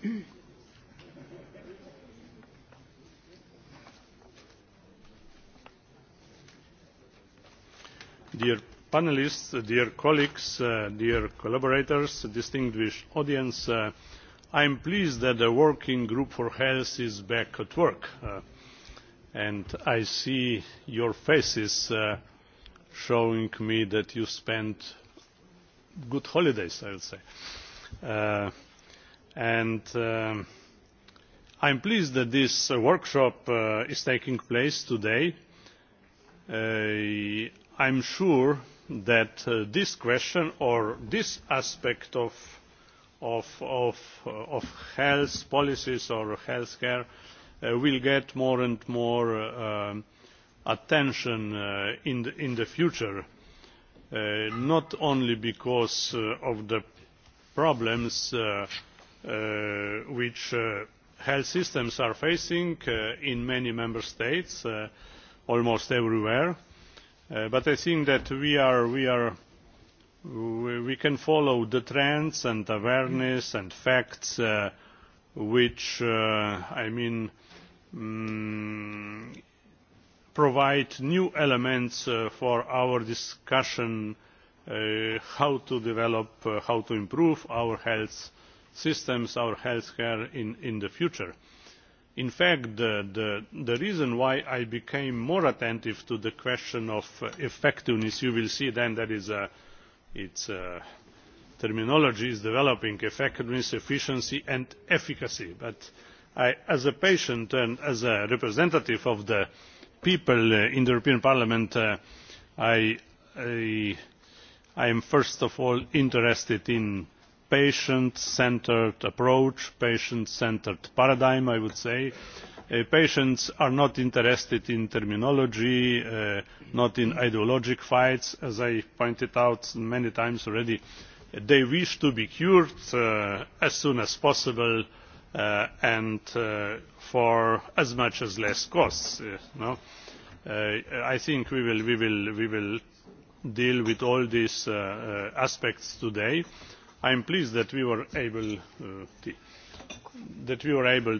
Dear panelists, dear colleagues, dear collaborators, distinguished audience, I am pleased that the Working Group for Health is back at work, and I see your faces showing me that you spent good holidays, I would say and i am pleased that this workshop is taking place today. i am sure that this question or this aspect of health policies or health care will get more and more attention in the future not only because of the problems which health systems are facing in many member states almost everywhere but i think that we can follow the trends and awareness and facts which i mean provide new elements for our discussion how to develop how to improve our health systems, our healthcare in the future. In fact, the reason why I became more attentive to the question of effectiveness, you will see then that its terminology is developing effectiveness, efficiency and efficacy. But as a patient and as a representative of the people in the European Parliament, I am first of all interested in patient centred approach patient centred paradigm i would say. patients are not interested in terminology not in ideological fights as i pointed out many times already. they wish to be cured as soon as possible and for as much as less costs. i think we will deal with all these aspects today I am pleased that we were able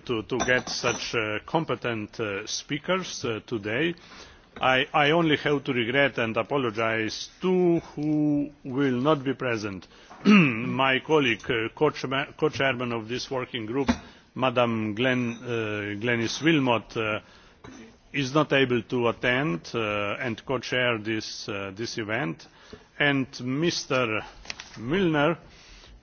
to get such competent speakers today. I only have to regret and apologise to who will not be present. My colleague, co-chairman of this working group, Madam Glenis Wilmot, is not able to attend and co-chair this event, and Mr. Milner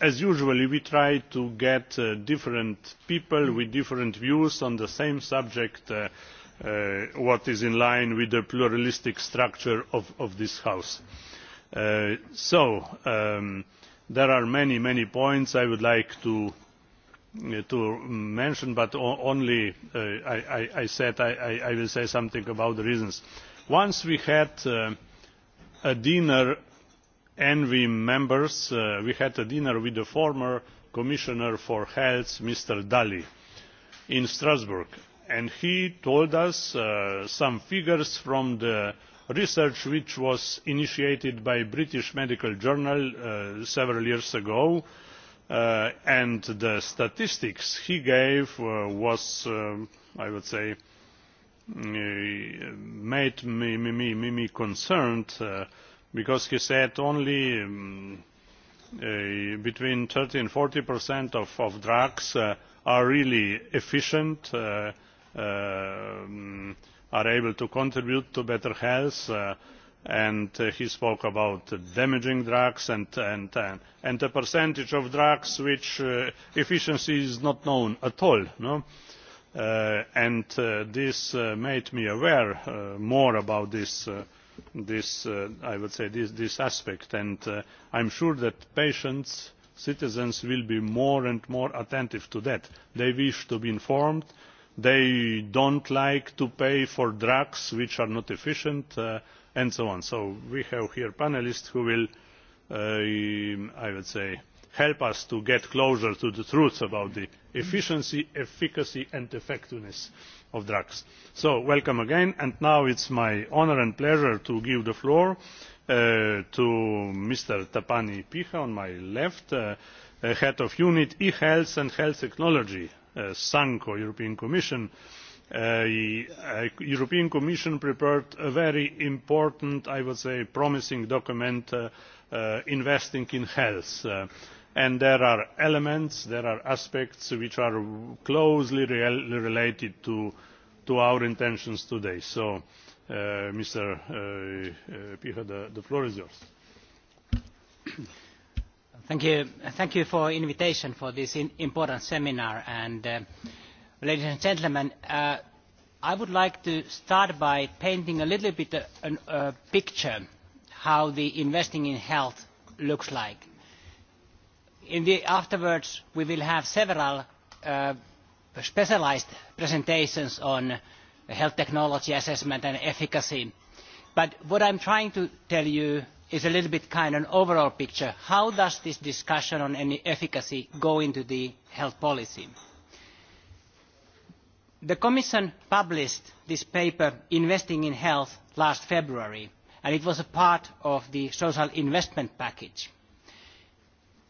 As usual, we try to get different people with different views on the same subject, what is in line with the pluralistic structure of this House. So, there are many, many points I would like to mention, but only I said I will say something about the reasons. Once we had a dinner envi members we had a dinner with the former commissioner for health mr dalli in strasbourg and he told us some figures from the research which was initiated by the british medical journal several years ago and the statistics he gave was i would say made me concerned because he said only between 30 and 40 percent of drugs are really efficient, are able to contribute to better health, and he spoke about damaging drugs and the percentage of drugs which efficiency is not known at all. And this made me aware more about this this i would say this aspect and i am sure that patients citizens will be more and more attentive to that. they wish to be informed they do not like to pay for drugs which are not efficient and so on. so we have here panellists who will i would say help us to get closer to the truth about the efficiency efficacy and effectiveness of drugs. So, welcome again, and now it is my honour and pleasure to give the floor to Mr. Tapani Piha on my left, Head of Unit E-Health and Health Technology, SANCO, European Commission. The European Commission prepared a very important, I would say, promising document investing in health and there are elements there are aspects which are closely related to our intentions today so mr Picha, the floor is yours thank you thank you for invitation for this important seminar and ladies and gentlemen i would like to start by painting a little bit a picture how the investing in health looks like Afterwards, we will have several specialised presentations on health technology assessment and efficacy. But what I am trying to tell you is a little bit kind of an overall picture. How does this discussion on any efficacy go into the health policy? The Commission published this paper, Investing in Health, last February, and it was a part of the social investment package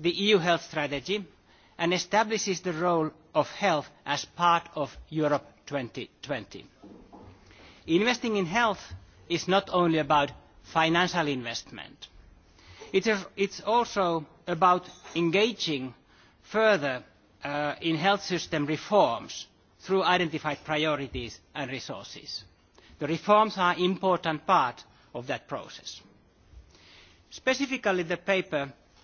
the EU health strategy and establishes the role of health as part of Europe 2020. Investing in health is not only about financial investment. It is also about engaging further in health system reforms through identified priorities and resources. The reforms are an important part of that process. Specifically, the paper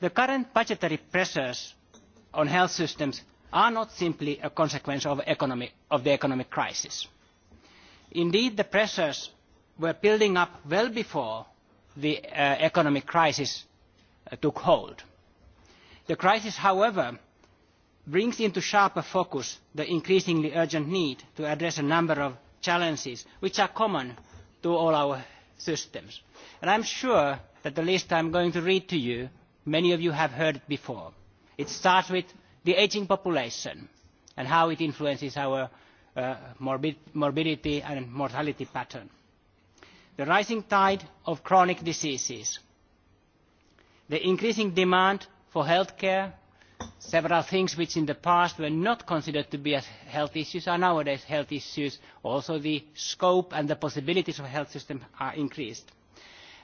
the current budgetary pressures on health systems are not simply a consequence of the economic crisis. Indeed, the pressures were building up well before the economic crisis took hold. The crisis, however, brings into sharper focus the increasingly urgent need to address a number of challenges which are common to all our systems. And am sure that the list am going to read to you Many of you have heard it before. It starts with the ageing population and how it influences our morbidity and mortality pattern. The rising tide of chronic diseases. The increasing demand for health care. Several things which in the past were not considered to be health issues are nowadays health issues. Also the scope and the possibilities of health systems are increased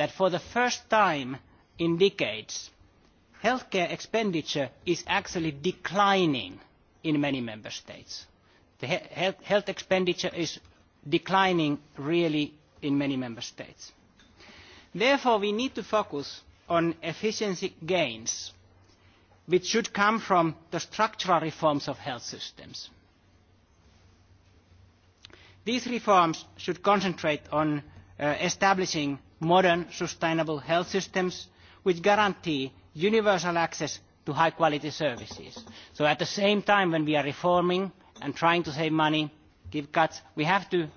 that for the first time in decades healthcare expenditure is actually declining in many member states. health expenditure is declining really in many member states. therefore we need to focus on efficiency gains which should come from the structural reforms of health systems. these reforms should concentrate on establishing modern sustainable health systems which guarantee universal access to high quality services. So at the same time when we are reforming and trying to save money, give cuts, we have to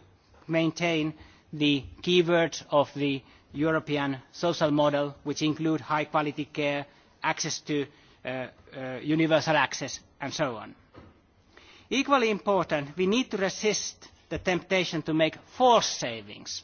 maintain the keywords of the European social model which include high quality care, access to universal access and so on. Equally important, we need to resist the temptation to make false savings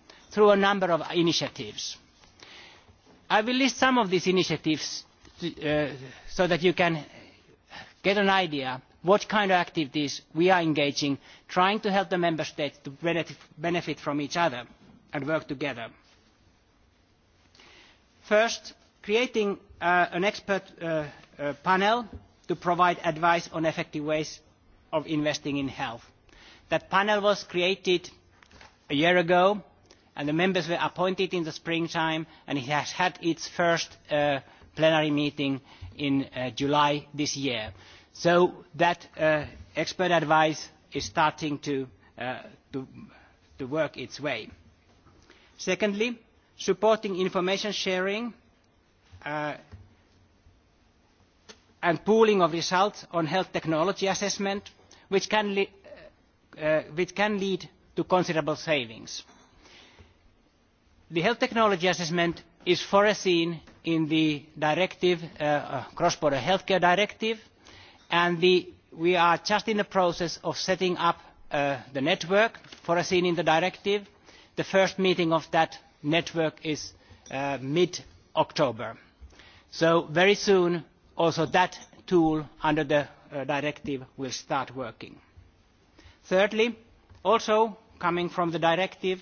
through a number of initiatives. I will list some of these initiatives so that you can get an idea what kind of activities we are engaging, trying to help the Member States to benefit from each other and work together. First, creating an expert panel to provide advice on effective ways of investing in health. That panel was created a year ago and the members were appointed in the springtime and it has had its first plenary meeting in July this year. So that expert advice is starting to work its way. Secondly, supporting information sharing and pooling of results on health technology assessment, which can lead to considerable savings the health technology assessment is foreseen in the directive cross border healthcare directive and we are just in the process of setting up the network foreseen in the directive. the first meeting of that network is mid october so very soon also that tool under the directive will start working. thirdly also coming from the directive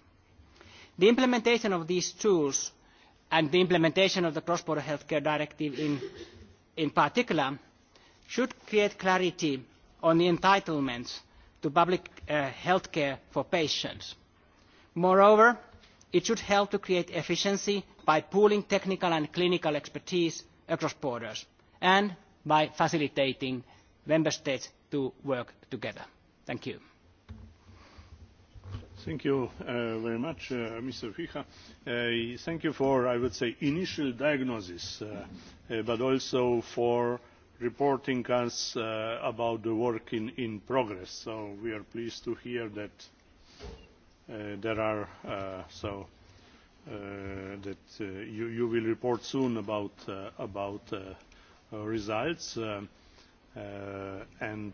The implementation of these tools and the implementation of the cross-border healthcare directive in particular should create clarity on the entitlements to public health care for patients. Moreover, it should help to create efficiency by pooling technical and clinical expertise across borders and by facilitating member states to work together. Thank you. Thank you very much, Mr. Fija. Thank you for, I would say, initial diagnosis, but also for reporting us about the work in progress. So we are pleased to hear that there are so that you will report soon about about results and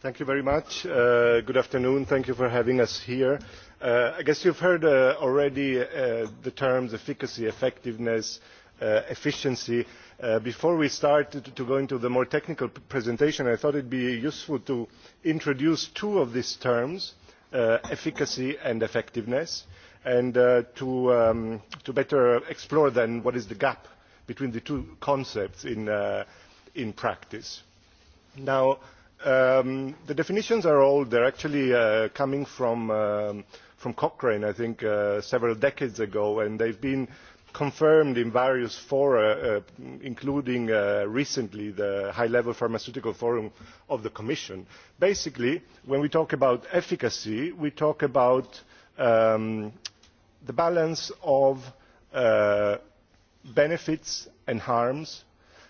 Thank you very much. Good afternoon. Thank you for having us here. I guess you've heard already the terms efficacy, effectiveness, efficiency. Before we start to go into the more technical presentation, I thought it would be useful to introduce two of these terms, efficacy and effectiveness, and to better explore then what is the gap between the two concepts in practice Now, the definitions are old. They're actually coming from from Cochrane, I think, several decades ago, and they've been confirmed in various fora, including recently the High-Level Pharmaceutical Forum of the Commission. Basically, when we talk about efficacy, we talk about the balance of benefits and harms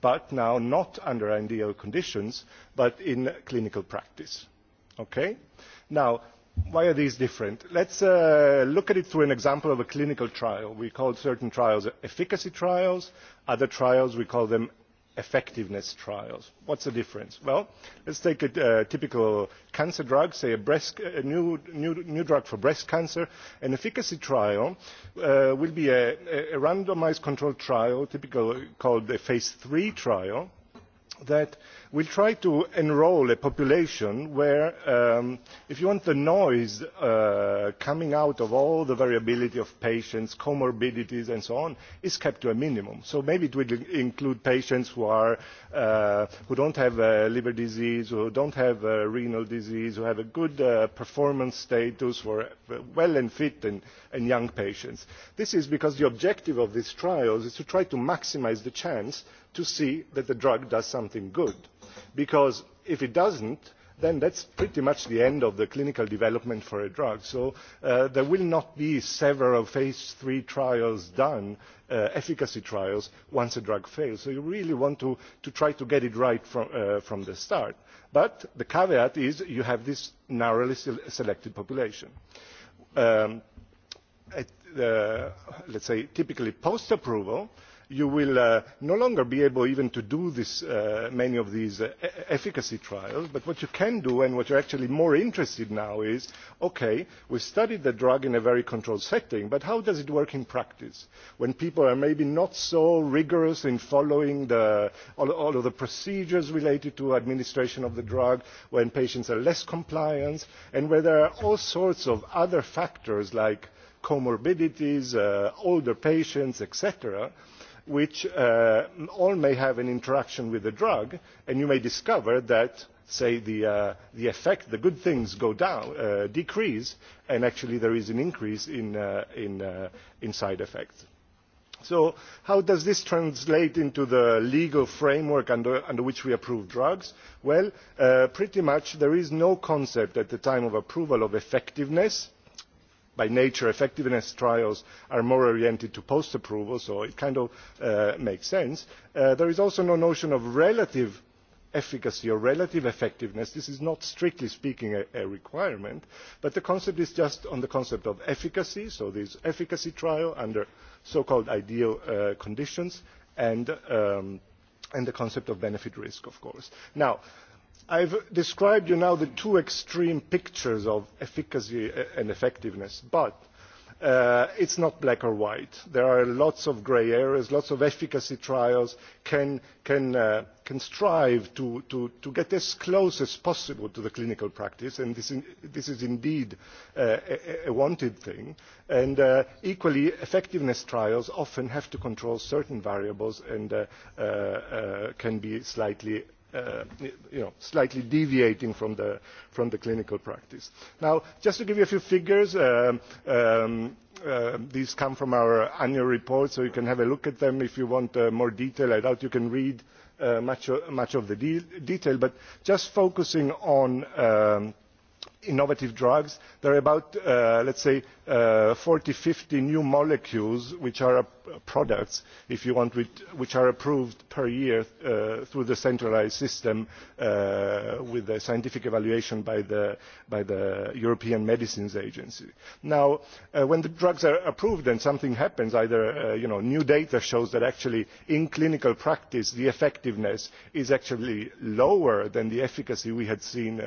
but now not under ideal conditions but in clinical practice. Now, why are these different? Let's look at it through an example of a clinical trial. We call certain trials efficacy trials, other trials we call them effectiveness trials. What's the difference? Well, let's take a typical cancer drug, say a new drug for breast cancer. An efficacy trial will be a randomised controlled trial, typically called a phase three trial, that we try to enrol a population where if you want the noise coming out of all the variability of patients comorbidities and so on is kept to a minimum so maybe it would include patients who are who don't have liver disease who don't have renal disease who have a good performance status for well and fit and young patients this is because the objective of these trials is to try to maximise the chance to see that the drug does something good because if it doesn't then that's pretty much the end of the clinical development for a drug so there will not be several phase three trials done efficacy trials once a drug fails so you really want to try to get it right from the start but the caveat is you have this narrowly selected population. let's say typically post approval you will no longer be able even to do many of these efficacy trials but what you can do and what you are actually more interested in now is okay, we studied the drug in a very controlled setting but how does it work in practice when people are maybe not so rigorous in following all of the procedures related to administration of the drug when patients are less compliant and where there are all sorts of other factors like comorbidities older patients etc which all may have an interaction with the drug and you may discover that say the effect the good things go down decrease and actually there is an increase in side effects. so how does this translate into the legal framework under which we approve drugs? well pretty much there is no concept at the time of approval of effectiveness by nature effectiveness trials are more oriented to post approval so it kind of makes sense. there is also no notion of relative efficacy or relative effectiveness. this is not strictly speaking a requirement but the concept is just on the concept of efficacy so this is efficacy trial under so called ideal conditions and the concept of benefit risk of course. now I have described you now the two extreme pictures of efficacy and effectiveness, but it is not black or white. There are lots of grey areas, lots of efficacy trials can strive to get as close as possible to the clinical practice, and this is indeed a wanted thing. And equally, effectiveness trials often have to control certain variables and can be slightly slightly deviating from the clinical practice. Now, just to give you a few figures, these come from our annual report, so you can have a look at them if you want more detail. I doubt you can read much of the detail, but just focusing on innovative drugs, there are about, let's say, 40, fifty new molecules which are products, if you want, which are approved per year through the centralised system with a scientific evaluation by the European Medicines Agency. Now, when the drugs are approved, and something happens. Either new data shows that actually in clinical practice the effectiveness is actually lower than the efficacy we had seen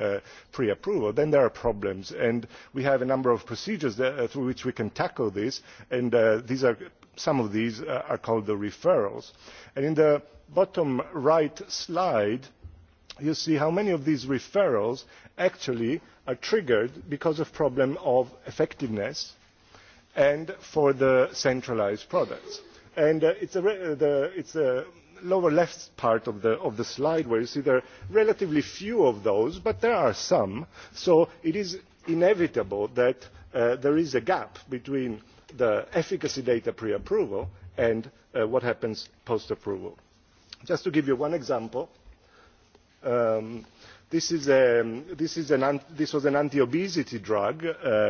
pre-approval. Then there are problems, and we have a number of procedures through which we can tackle this and some of these are called the referrals. And in the bottom right slide you see how many of these referrals actually are triggered because of problem of effectiveness and for the centralised products. And it's the lower left part of the slide where you see there are relatively few of those, but there are some, so it is inevitable that there is a gap between the efficacy data pre approval and what happens post approval. just to give you one example this was an anti obesity drug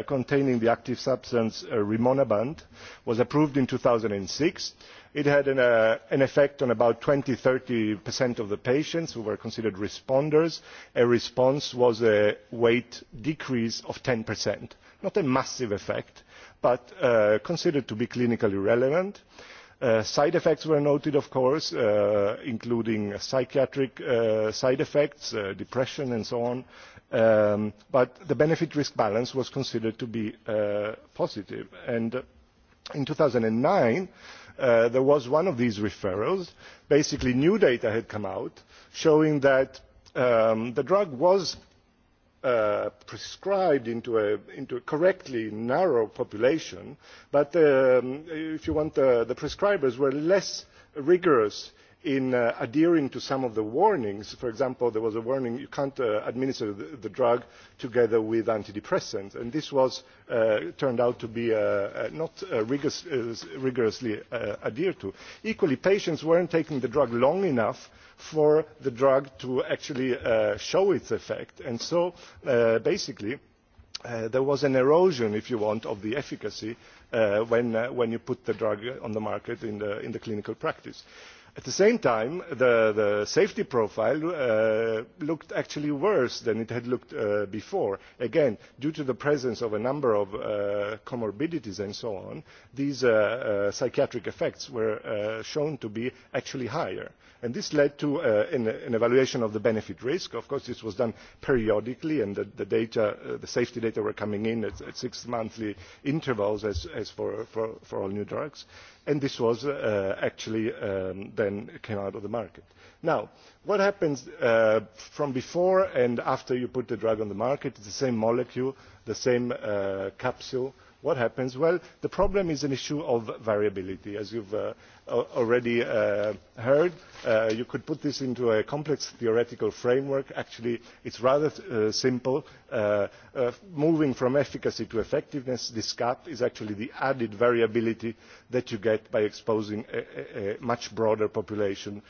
containing the active substance rimonabant was approved in two thousand six It had an effect on about 20-30% of the patients who were considered responders. A response was a weight decrease of 10%. Not a massive effect, but considered to be clinically relevant. Side effects were noted, of course, including psychiatric side effects, depression and so on. But the benefit-risk balance was considered to be positive. And in 2009, there was one of these referrals. Basically, new data had come out showing that the drug was prescribed into a correctly narrow population, but if you want, the prescribers were less rigorous in adhering to some of the warnings for example there was a warning you can't administer the drug together with antidepressants and this was turned out to be not rigorously adhered to. equally patients weren't taking the drug long enough for the drug to actually show its effect and so basically there was an erosion if you want of the efficacy when you put the drug on the market in the clinical practice. At the same time, the safety profile looked actually worse than it had looked before. Again, due to the presence of a number of comorbidities and so on, these psychiatric effects were shown to be actually higher. And this led to an evaluation of the benefit risk. Of course, this was done periodically, and the the safety data were coming in at six-monthly intervals, as for all new drugs and this was actually then came out of the market. Now, what happens from before and after you put the drug on the market It is the same molecule, the same capsule What happens? Well, the problem is an issue of variability, as have already heard. You could put this into a complex theoretical framework. Actually, it's rather simple. Moving from efficacy to effectiveness, this gap is actually the added variability that you get by exposing a much broader population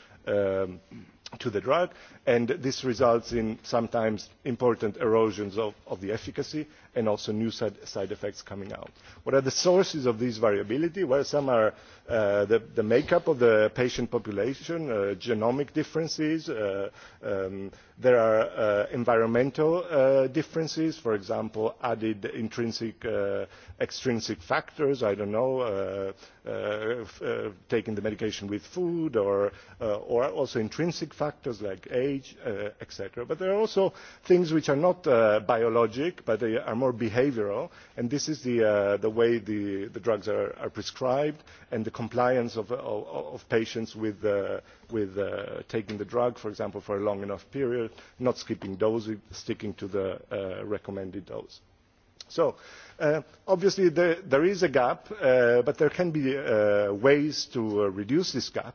to the drug and this results in sometimes important erosions of the efficacy and also new side effects coming out. What are the sources of this variability? Well, some are the makeup of the patient population, genomic differences. There are environmental differences, for example, added intrinsic, extrinsic factors, I don't know, taking the medication with food or also intrinsic factors like age, etc. But there are also things which are not biologic, but they are more behavioural and this is the way the drugs are prescribed and the compliance of patients with taking the drug for example for a long enough period not skipping doses sticking to the recommended dose. So obviously there is a gap but there can be ways to reduce this gap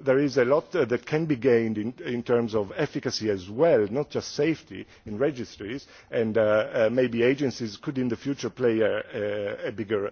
there is a lot that can be gained in terms of efficacy as well not just safety in registries and maybe agencies could in the future play a bigger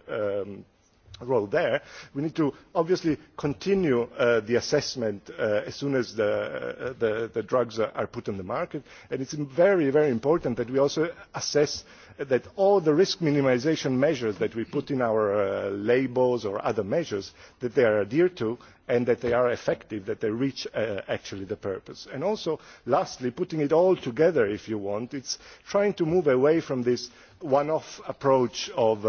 role there. we need to obviously continue the assessment as soon as the drugs are put on the market and it is very very important that we also assess that all the risk minimisation measures that we put in our labels or other measures that they are adhered to and that they are effective that they reach actually the purpose. and also lastly putting it all together if you want it's trying to move away from this one off approach of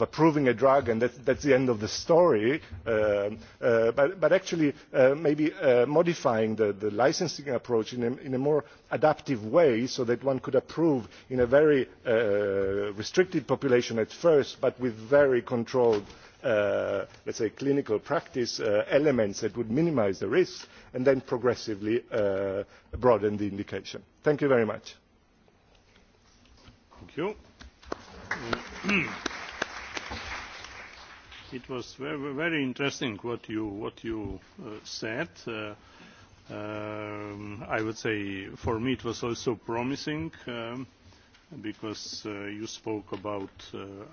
approving a drug and that the end of the story but actually maybe modifying the licensing approach in a more adaptive way so that one could approve in a very restricted population at first but with very controlled let's say clinical practice elements that would minimise the risk and then progressively broaden the indication. Thank you very much. Thank you. It was very interesting what you what you said. I would say for me it was also promising because you spoke about,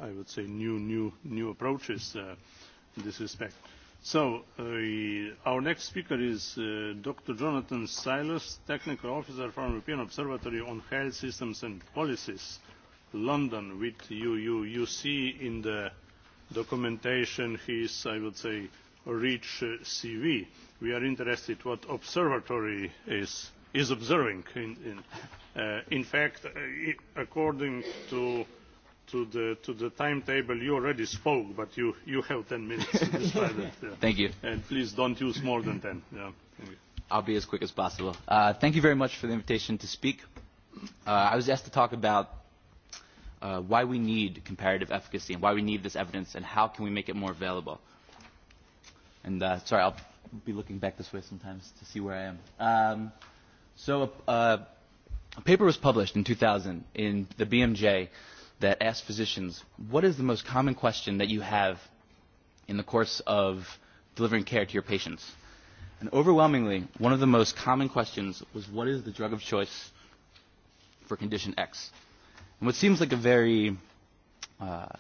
I would say, new, new, new approaches in this respect. So, our next speaker is Dr. Jonathan Silas, Technical Officer from European Observatory on Health Systems and Policies, London, with you. You see in the documentation his, I would say, rich CV. We are interested what observatory is is observing. In fact, according to the timetable, you already spoke, but you have 10 minutes to Thank you. And please don't use more than 10. I'll be as quick as possible. Thank you very much for the invitation to speak. I was asked to talk about why we need comparative efficacy and why we need this evidence and how can we make it more available. And sorry, I'll be looking back this way sometimes to see where I am. So a paper was published in 2000 in the BMJ that asked physicians, what is the most common question that you have in the course of delivering care to your patients? And overwhelmingly, one of the most common questions was, what is the drug of choice for condition X? And what seems like a very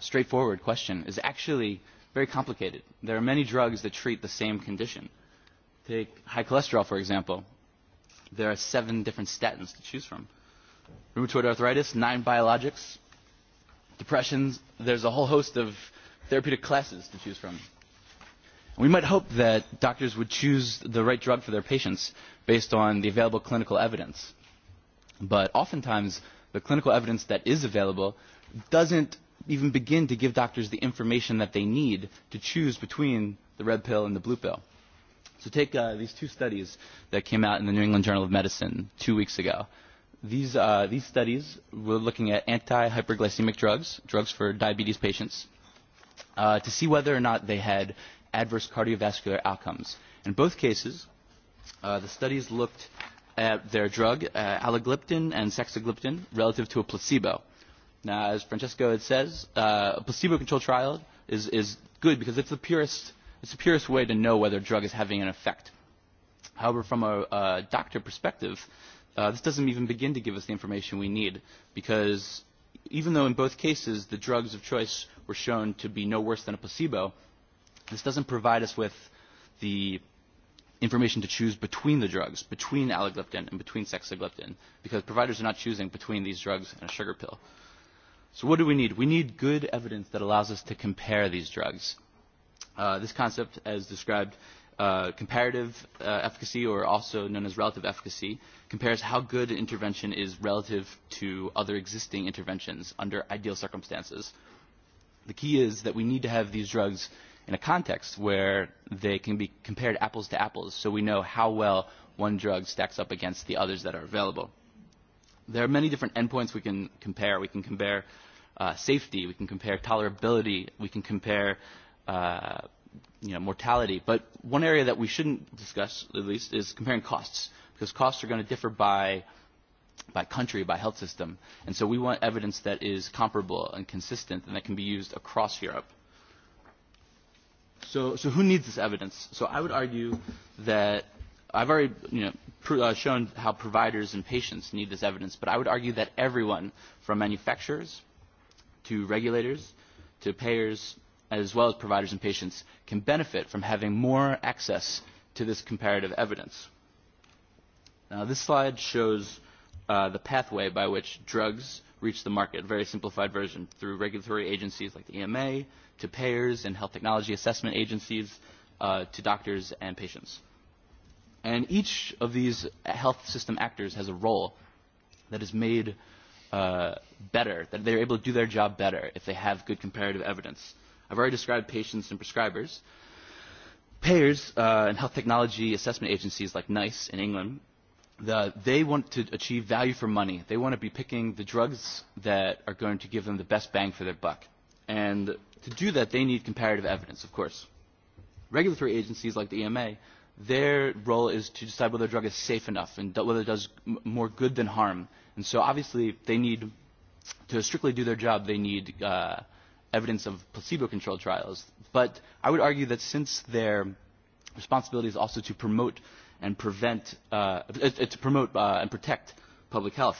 straightforward question is actually very complicated. There are many drugs that treat the same condition. Take high cholesterol, for example there are seven different statins to choose from. Rheumatoid arthritis, nine biologics. Depressions, there's a whole host of therapeutic classes to choose from. We might hope that doctors would choose the right drug for their patients based on the available clinical evidence. But oftentimes, the clinical evidence that is available doesn't even begin to give doctors the information that they need to choose between the red pill and the blue pill. So take these two studies that came out in the New England Journal of Medicine two weeks ago. These these studies were looking at anti-hyperglycemic drugs, drugs for diabetes patients, to see whether or not they had adverse cardiovascular outcomes. In both cases, the studies looked at their drug, alogliptin and sexagliptin, relative to a placebo. Now, as Francesco had says, a placebo-controlled trial is is good because it's the purest It's the purest way to know whether a drug is having an effect. However, from a doctor perspective, this doesn't even begin to give us the information we need because even though in both cases the drugs of choice were shown to be no worse than a placebo, this doesn't provide us with the information to choose between the drugs, between alloglyptin and between sexagliptin, because providers are not choosing between these drugs and a sugar pill. So what do we need? We need good evidence that allows us to compare these drugs. This concept, as described, comparative efficacy, or also known as relative efficacy, compares how good an intervention is relative to other existing interventions under ideal circumstances. The key is that we need to have these drugs in a context where they can be compared apples to apples, so we know how well one drug stacks up against the others that are available. There are many different endpoints we can compare. We can compare safety. We can compare tolerability. We can compare you know, mortality. But one area that we shouldn't discuss, at least, is comparing costs, because costs are going to differ by by country, by health system. And so we want evidence that is comparable and consistent and that can be used across Europe. So, so who needs this evidence? So I would argue that I've already you know, shown how providers and patients need this evidence, but I would argue that everyone, from manufacturers to regulators to payers as well as providers and patients, can benefit from having more access to this comparative evidence. Now, this slide shows the pathway by which drugs reach the market, a very simplified version, through regulatory agencies like the EMA, to payers and health technology assessment agencies, to doctors and patients. And each of these health system actors has a role that is made better, that they're able to do their job better if they have good comparative evidence. I've already described patients and prescribers. Payers and health technology assessment agencies like NICE in England, they want to achieve value for money. They want to be picking the drugs that are going to give them the best bang for their buck. And to do that, they need comparative evidence, of course. Regulatory agencies like the EMA, their role is to decide whether a drug is safe enough and whether it does more good than harm. And so obviously they need, to strictly do their job, they need evidence of placebo-controlled trials. But I would argue that since their responsibility is also to promote and prevent, to promote and protect public health,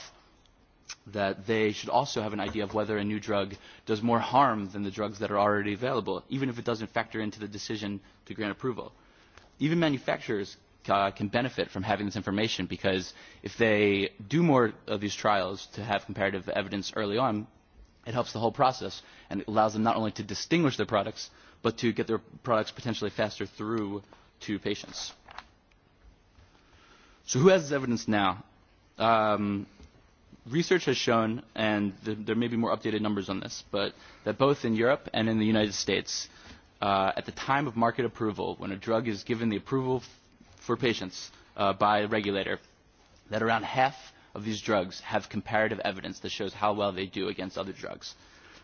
that they should also have an idea of whether a new drug does more harm than the drugs that are already available, even if it doesn't factor into the decision to grant approval. Even manufacturers can benefit from having this information because if they do more of these trials to have comparative evidence early on, it helps the whole process and it allows them not only to distinguish their products but to get their products potentially faster through to patients. So who has this evidence now? Um, research has shown, and there may be more updated numbers on this, but that both in Europe and in the United States, uh, at the time of market approval, when a drug is given the approval for patients uh, by a regulator, that around half of these drugs have comparative evidence that shows how well they do against other drugs.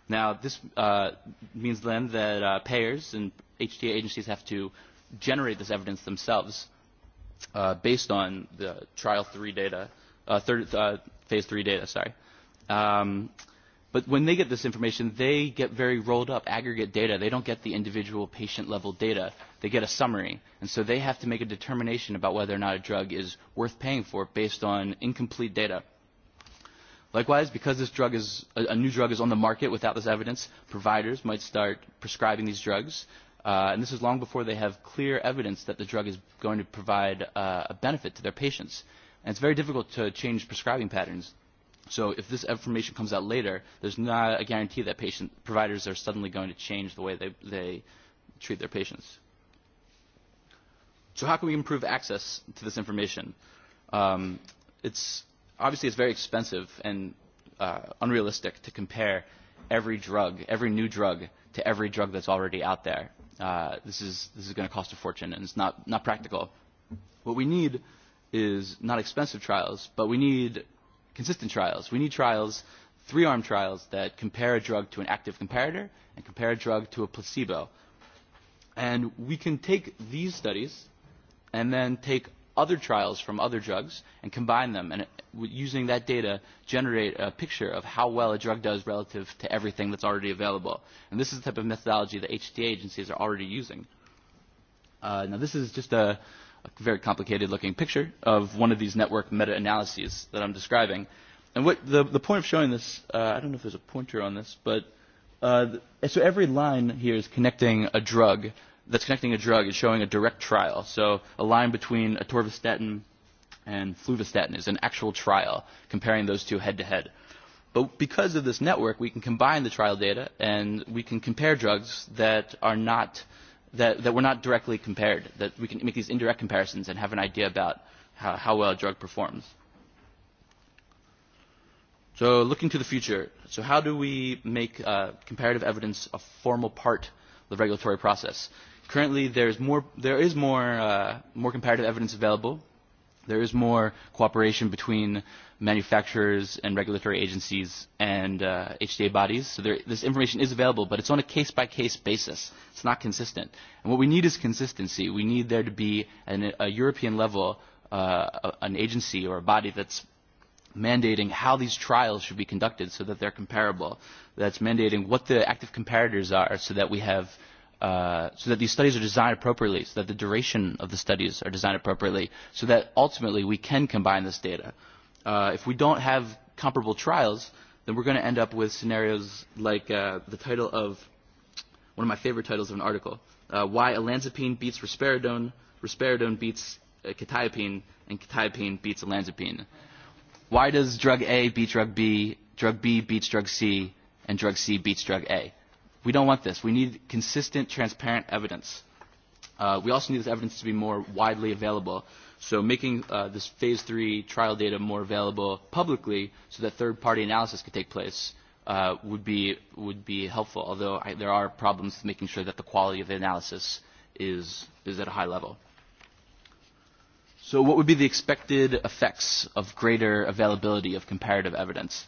Now, this means then that payers and HTA agencies have to generate this evidence themselves based on the trial three data, phase three data, sorry. But when they get this information, they get very rolled up aggregate data. They don't get the individual patient level data. They get a summary. And so they have to make a determination about whether or not a drug is worth paying for based on incomplete data. Likewise, because this drug is, a new drug is on the market without this evidence, providers might start prescribing these drugs. And this is long before they have clear evidence that the drug is going to provide a benefit to their patients. And it's very difficult to change prescribing patterns So if this information comes out later, there's not a guarantee that patient providers are suddenly going to change the way they, they treat their patients. So how can we improve access to this information? Um, it's obviously it's very expensive and uh, unrealistic to compare every drug, every new drug, to every drug that's already out there. Uh, this is this is going to cost a fortune, and it's not not practical. What we need is not expensive trials, but we need consistent trials. We need trials, three-arm trials, that compare a drug to an active comparator and compare a drug to a placebo. And we can take these studies and then take other trials from other drugs and combine them and using that data generate a picture of how well a drug does relative to everything that's already available. And this is the type of methodology that HTA agencies are already using. Uh, now this is just a a very complicated looking picture of one of these network meta analyses that I'm describing. And what the the point of showing this I don't know if there's a pointer on this, but uh so every line here is connecting a drug that's connecting a drug is showing a direct trial. So a line between atorvastatin and fluvastatin is an actual trial, comparing those two head to head. But because of this network, we can combine the trial data and we can compare drugs that are not that that we're not directly compared, that we can make these indirect comparisons and have an idea about how well a drug performs. So looking to the future, so how do we make comparative evidence a formal part of the regulatory process? Currently, there is more more comparative evidence available there is more cooperation between manufacturers and regulatory agencies and HDA bodies. So this information is available, but it's on a case-by-case basis. It's not consistent. And what we need is consistency. We need there to be a European level, an agency or a body that's mandating how these trials should be conducted so that they're comparable, that's mandating what the active comparators are so that we have – so that these studies are designed appropriately, so that the duration of the studies are designed appropriately, so that ultimately we can combine this data. If we don't have comparable trials, then we're going to end up with scenarios like the title of one of my favorite titles of an article, Why Olanzapine Beats Risperidone, Risperidone Beats Quetiapine, and Quetiapine Beats Olanzapine. Why does drug A beat drug B, drug B beats drug C, and drug C beats drug A? We don't want this. We need consistent, transparent evidence. We also need this evidence to be more widely available. So making this phase three trial data more available publicly so that third-party analysis could take place would be would be helpful. Although there are problems making sure that the quality of the analysis is is at a high level. So what would be the expected effects of greater availability of comparative evidence?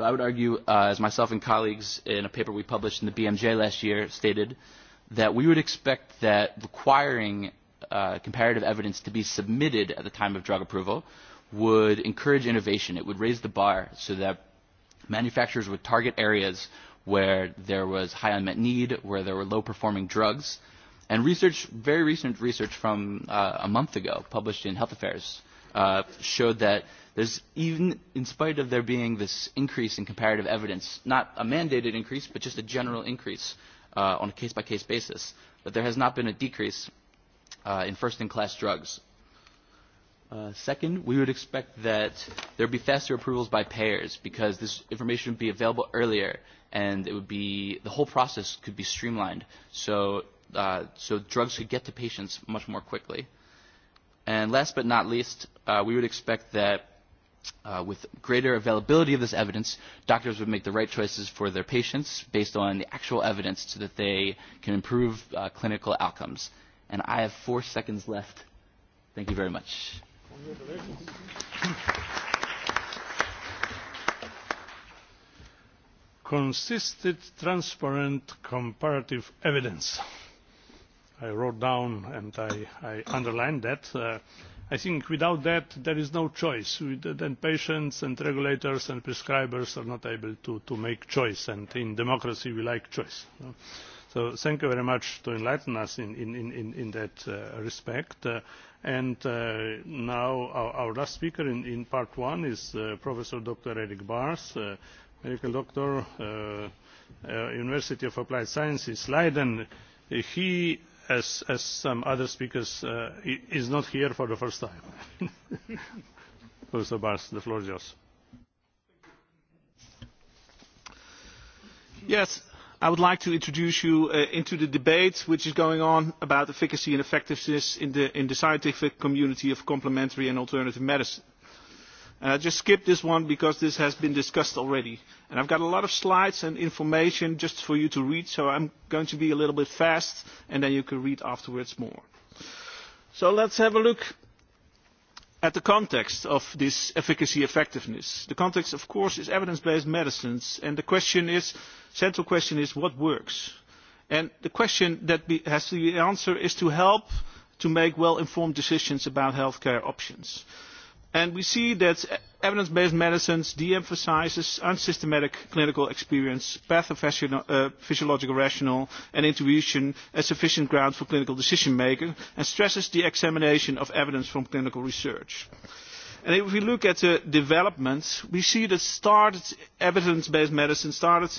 So I would argue, as myself and colleagues in a paper we published in the BMJ last year stated, that we would expect that requiring comparative evidence to be submitted at the time of drug approval would encourage innovation. It would raise the bar so that manufacturers would target areas where there was high unmet need, where there were low-performing drugs. And research, very recent research from a month ago, published in Health Affairs, showed that There's even, in spite of there being this increase in comparative evidence, not a mandated increase, but just a general increase on a case-by-case basis, that there has not been a decrease in first-in-class drugs. Second, we would expect that there would be faster approvals by payers because this information would be available earlier and it would be the whole process could be streamlined so so drugs could get to patients much more quickly. And last but not least, we would expect that With greater availability of this evidence, doctors would make the right choices for their patients based on the actual evidence so that they can improve clinical outcomes. And I have four seconds left. Thank you very much. Consistent, transparent, comparative evidence. I wrote down and I underlined that I think without that there is no choice. Then patients and regulators and prescribers are not able to make choice. And in democracy we like choice. So thank you very much to enlighten us in that respect. And now our last speaker in part one is Professor Dr. Eric Bars, medical doctor, University of Applied Sciences, Leiden. He as some other speakers is not here for the first time. Mr. Barnes, the floor is yours. Yes, I would like to introduce you into the debate which is going on about efficacy and effectiveness in the in the scientific community of complementary and alternative medicine I just skipped this one because this has been discussed already. And I've got a lot of slides and information just for you to read, so I'm going to be a little bit fast, and then you can read afterwards more. So let's have a look at the context of this efficacy effectiveness. The context, of course, is evidence-based medicines, and the question is, central question is, what works? And the question that has to be answered is to help to make well-informed decisions about healthcare options. And we see that evidence-based medicine de-emphasizes unsystematic clinical experience, pathophysiological rationale and intuition as sufficient grounds for clinical decision-making and stresses the examination of evidence from clinical research. And if we look at the developments, we see that started evidence-based medicine started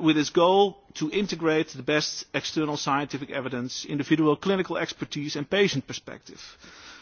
with its goal to integrate the best external scientific evidence, individual clinical expertise and patient perspective.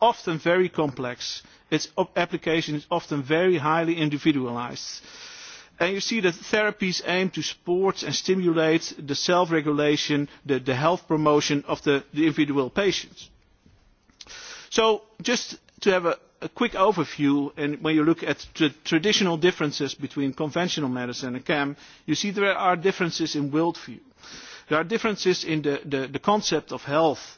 often very complex. Its application is often very highly individualised. And you see that therapies aim to support and stimulate the self-regulation, the health promotion of the individual patient. So just to have a quick overview, and when you look at the traditional differences between conventional medicine and CAM, you see there are differences in worldview. There are differences in the concept of health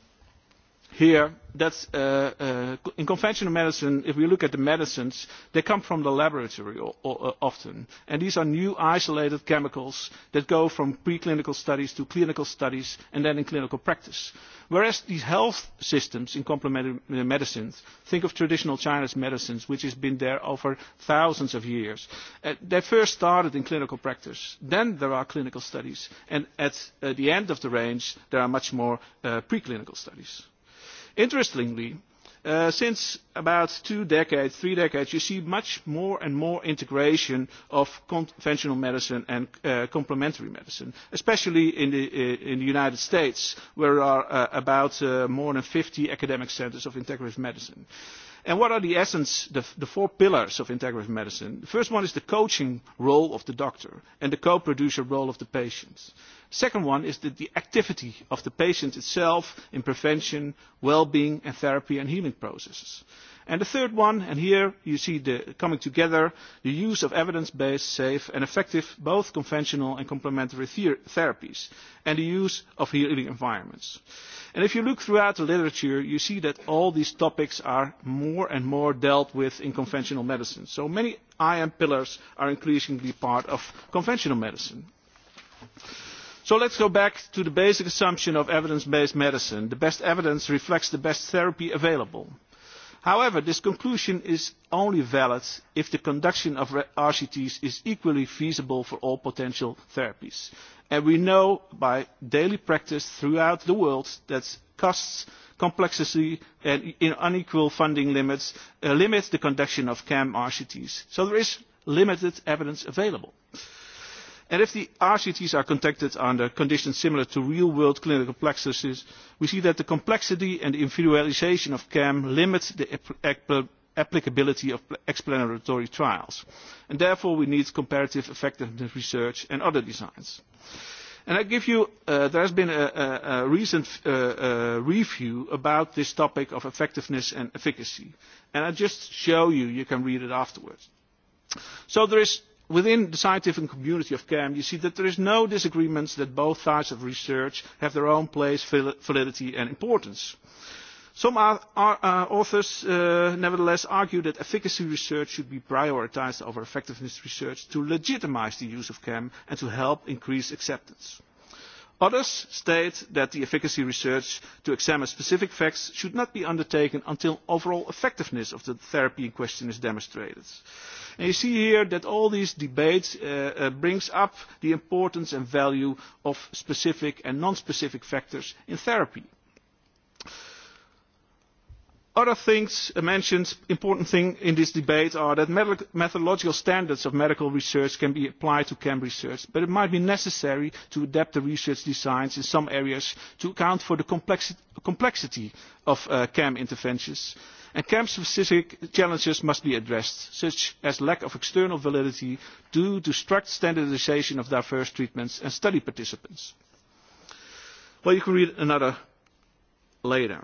here that in conventional medicine if we look at the medicines they come from the laboratory often and these are new isolated chemicals that go from preclinical studies to clinical studies and then in clinical practice whereas these health systems in complementary medicines think of traditional chinese medicines which has been there over thousands of years they first started in clinical practice then there are clinical studies and at the end of the range there are much more preclinical studies Interestingly, since about two decades, three decades, you see much more and more integration of conventional medicine and complementary medicine, especially in the United States, where there are about more than 50 academic centers of integrative medicine. And what are the essence, the four pillars of integrative medicine? The first one is the coaching role of the doctor and the co-producer role of the patient. second one is the activity of the patient itself in prevention, well-being and therapy and healing processes. And the third one, and here you see the coming together, the use of evidence-based, safe and effective, both conventional and complementary therapies, and the use of healing environments. And if you look throughout the literature, you see that all these topics are more and more dealt with in conventional medicine. So many IM pillars are increasingly part of conventional medicine. So let's go back to the basic assumption of evidence-based medicine. The best evidence reflects the best therapy available. However, this conclusion is only valid if the conduction of RCTs is equally feasible for all potential therapies. And we know by daily practice throughout the world that costs, complexity and unequal funding limits limit the conduction of CAM RCTs. So there is limited evidence available. And if the RCTs are conducted under conditions similar to real-world clinical practices, we see that the complexity and individualisation of CAM limit the applicability of explanatory trials. And therefore, we need comparative effectiveness research and other designs. And I give you, there has been a recent review about this topic of effectiveness and efficacy. And I just show you, you can read it afterwards. So there is Within the scientific community of CAM, you see that there is no disagreement that both types of research have their own place, validity and importance. Some authors, nevertheless, argue that efficacy research should be prioritised over effectiveness research to legitimise the use of CAM and to help increase acceptance. Others state that the efficacy research to examine specific facts should not be undertaken until overall effectiveness of the therapy in question is demonstrated. You see here that all these debates bring up the importance and value of specific and non-specific factors in therapy. Other things mentioned, important thing in this debate are that methodological standards of medical research can be applied to CAM research, but it might be necessary to adapt the research designs in some areas to account for the complexity of CAM interventions, and CAM-specific challenges must be addressed, such as lack of external validity due to strict standardisation of diverse treatments and study participants. Well, you can read another later.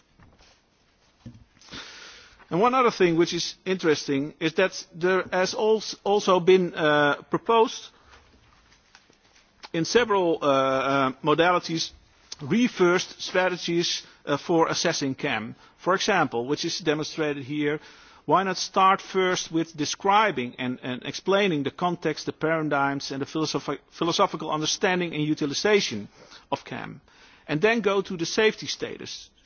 one other thing which is interesting is that there has also been proposed in several modalities reversed strategies for assessing CAM. For example, which is demonstrated here, why not start first with describing and explaining the context, the paradigms and the philosophical understanding and utilisation of CAM, and then go to the safety status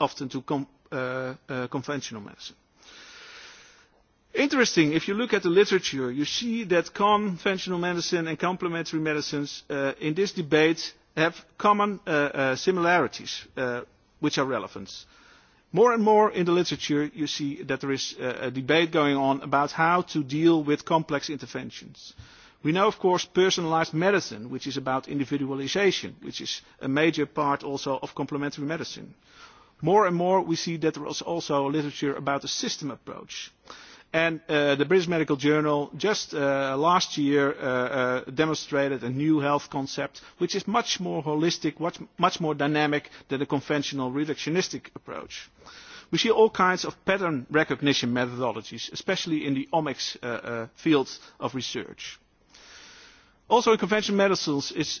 often to conventional medicine. Interesting, if you look at the literature, you see that conventional medicine and complementary medicines in this debate have common similarities which are relevant. More and more in the literature you see that there is a debate going on about how to deal with complex interventions. We know, of course, personalized medicine, which is about individualisation, which is a major part also of complementary medicine. More and more we see that there is also literature about a system approach. And the British Medical Journal just last year demonstrated a new health concept which is much more holistic, much more dynamic than the conventional reductionistic approach. We see all kinds of pattern recognition methodologies, especially in the omics fields of research. Also in conventional medicines, it's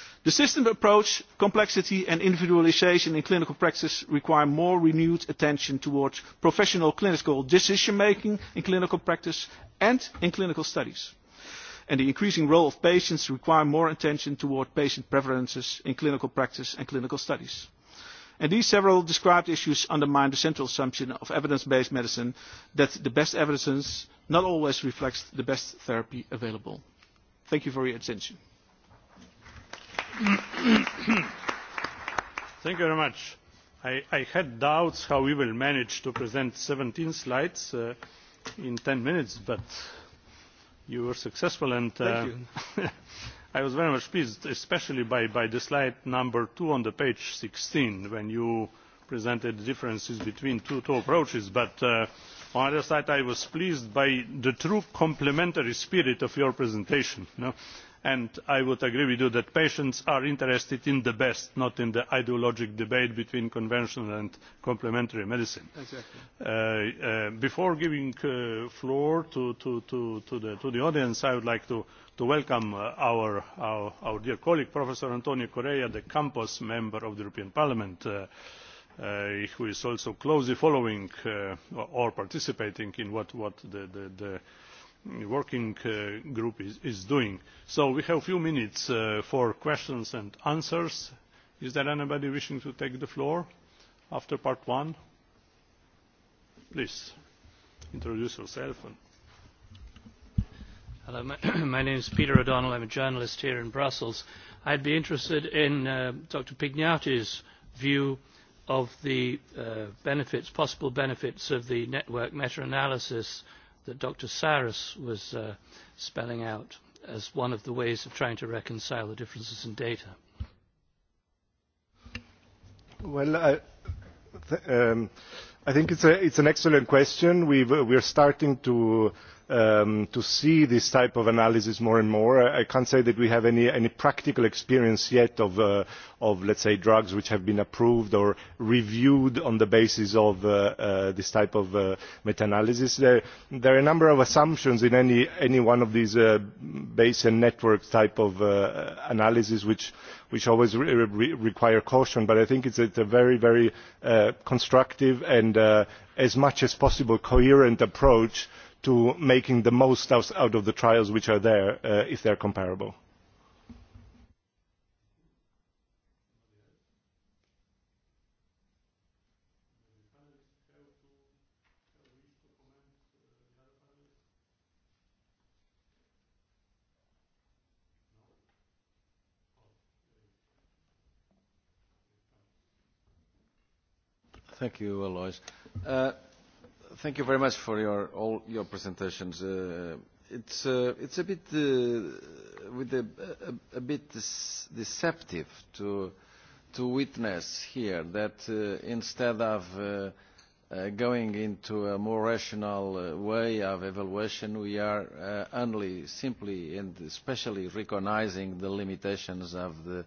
the system approach complexity and individualisation in clinical practice require more renewed attention towards professional clinical decision making in clinical practice and in clinical studies and the increasing role of patients require more attention towards patient preferences in clinical practice and clinical studies. these several described issues undermine the central assumption of evidence-based medicine that the best evidence not always reflects the best therapy available. Thank you for your attention. Thank you very much. I had doubts how we will manage to present 17 slides in 10 minutes, but you were successful and I was very much pleased, especially by the slide number two on page 16, when you presented the differences between two approaches. But on the other side, I was pleased by the true complementary spirit of your presentation and i would agree with you that patients are interested in the best not in the ideological debate between conventional and complementary medicine. before giving floor to the audience i would like to welcome our dear colleague professor antonio Correa, the campos member of the european parliament who is also closely following or participating in what the working group is doing. So we have a few minutes for questions and answers. Is there anybody wishing to take the floor after part one? Please introduce yourself. Hello, my name is Peter O'Donnell. I'm a journalist here in Brussels. I'd be interested in Dr. Pignati's view of the benefits, possible benefits of the network meta-analysis that Dr. Saris was spelling out as one of the ways of trying to reconcile the differences in data? Well, I think it's an excellent question. We We're starting to to see this type of analysis more and more. I can't say that we have any practical experience yet of, let's say, drugs which have been approved or reviewed on the basis of this type of meta-analysis. There are a number of assumptions in any one of these base and network type of analysis which which always require caution, but I think it's a very, very constructive and as much as possible coherent approach to making the most out of the trials which are there if they are comparable. Thank you, Alois. Thank you very much for your all your presentations. It's it's a bit with a bit deceptive to to witness here that instead of going into a more rational way of evaluation, we are only simply and especially recognizing the limitations of the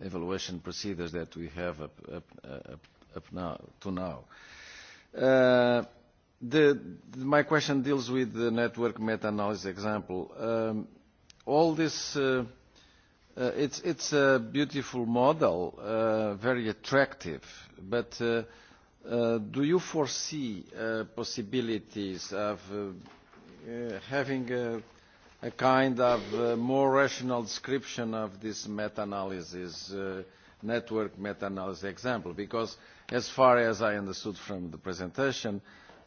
evaluation procedures that we have up now to now My question deals with the network meta-analysis example. All this, it's a beautiful model, very attractive, but do you foresee possibilities of having a kind of more rational description of this meta-analysis, network meta-analysis example? Because as far as I understood from the presentation,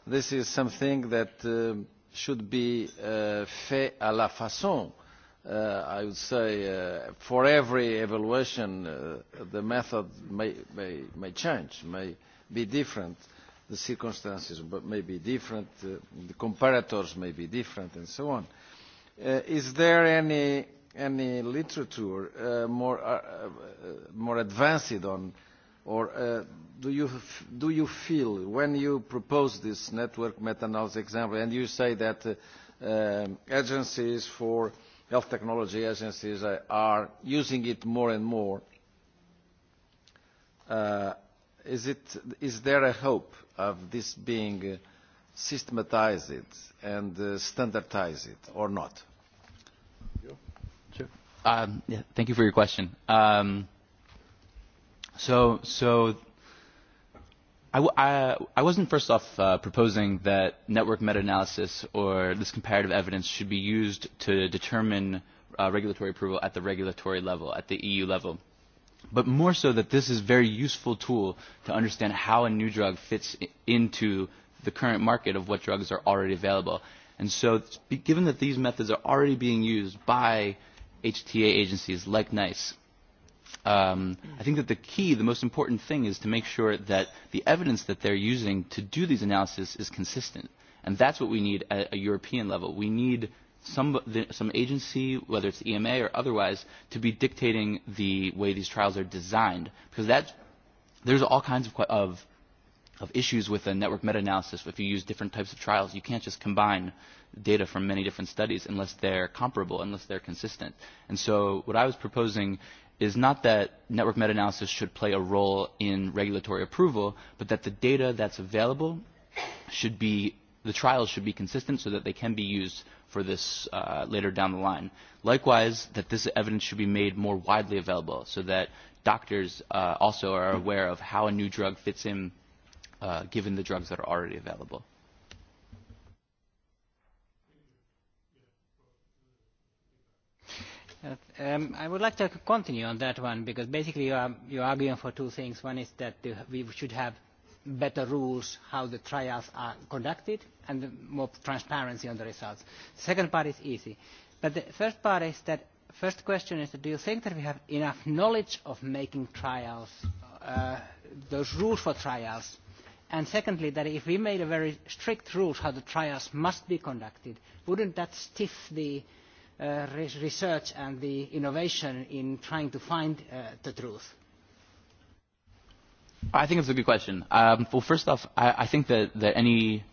This is something that should be fait à la façon. I would say for every evaluation the method may change, may be different, the circumstances may be different, the comparators may be different and so on. Is there any any literature more advanced on Or do you feel, when you propose this network meta-analysis example, and you say that agencies for health technology agencies are using it more and more, is there a hope of this being systematized and standardized or not? Thank you for your question. So, so I, I, I wasn't first off proposing that network meta-analysis or this comparative evidence should be used to determine regulatory approval at the regulatory level, at the EU level. But more so that this is a very useful tool to understand how a new drug fits into the current market of what drugs are already available. And so given that these methods are already being used by HTA agencies like NICE, I think that the key, the most important thing is to make sure that the evidence that they're using to do these analyses is consistent. And that's what we need at a European level. We need some some agency, whether it's EMA or otherwise, to be dictating the way these trials are designed. Because that there's all kinds of of of issues with a network meta-analysis. If you use different types of trials, you can't just combine data from many different studies unless they're comparable, unless they're consistent. And so what I was proposing is not that network meta-analysis should play a role in regulatory approval, but that the data that's available should be, the trials should be consistent so that they can be used for this later down the line. Likewise, that this evidence should be made more widely available so that doctors also are aware of how a new drug fits in given the drugs that are already available. I would like to continue on that one because basically you are arguing for two things. One is that we should have better rules how the trials are conducted and more transparency on the results. The second part is easy. But the first part is that first question is that do you think that we have enough knowledge of making trials, those rules for trials? And secondly, that if we made a very strict rules how the trials must be conducted, wouldn't that stiff the research and the innovation in trying to find the truth? I think it's a good question. Well, first off, I think that any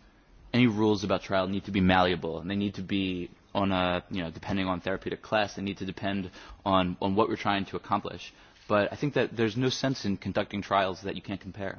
any rules about trial need to be malleable, and they need to be on a, you know, depending on therapeutic class, they need to depend on on what we're trying to accomplish. But I think that there's no sense in conducting trials that you can't compare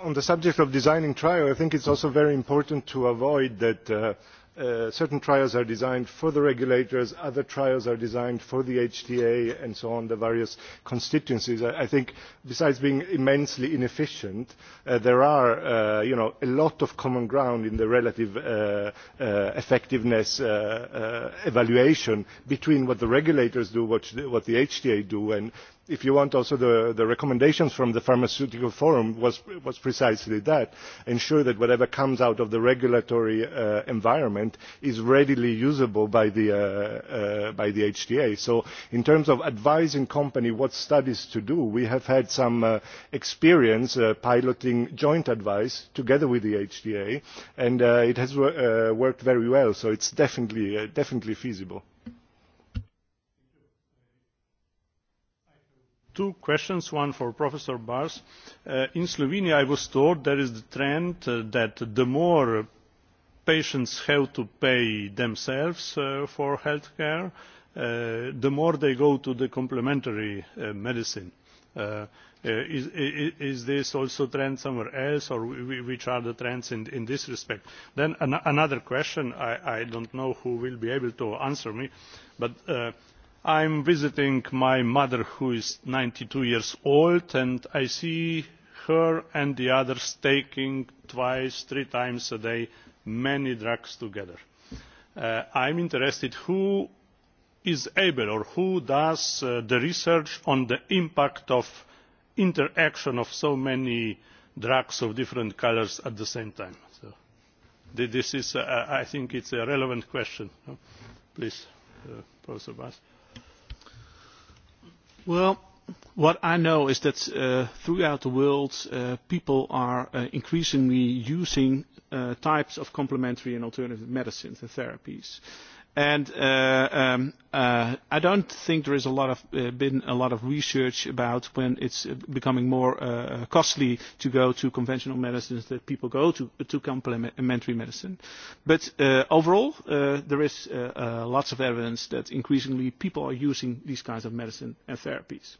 on the subject of designing trials i think it is also very important to avoid that certain trials are designed for the regulators other trials are designed for the hta and so on the various constituencies. i think besides being immensely inefficient there are a lot of common ground in the relative effectiveness evaluation between what the regulators do what the hta do and if you want also the recommendations from the pharmaceutical forum was precisely that ensure that whatever comes out of the regulatory environment is readily usable by the hta. so in terms of advising companies what studies to do we have had some experience piloting joint advice together with the hta and it has worked very well so it is definitely feasible. two questions, one for Professor Bars. In Slovenia, I was told there is the trend that the more patients have to pay themselves for health care, the more they go to the complementary medicine. Is this also a trend somewhere else, or which are the trends in this respect? Then another question, I don't know who will be able to answer me, but I am visiting my mother who is 92 years old and I see her and the others taking twice, three times a day many drugs together. I am interested who is able or who does the research on the impact of interaction of so many drugs of different colours at the same time. This is I think it's a relevant question. Please, Professor Well, what I know is that throughout the world people are increasingly using types of complementary and alternative medicines and therapies And I don't think there is a lot of been a lot of research about when it's becoming more costly to go to conventional medicines that people go to to complementary medicine. But overall, there is lots of evidence that increasingly people are using these kinds of medicine and therapies.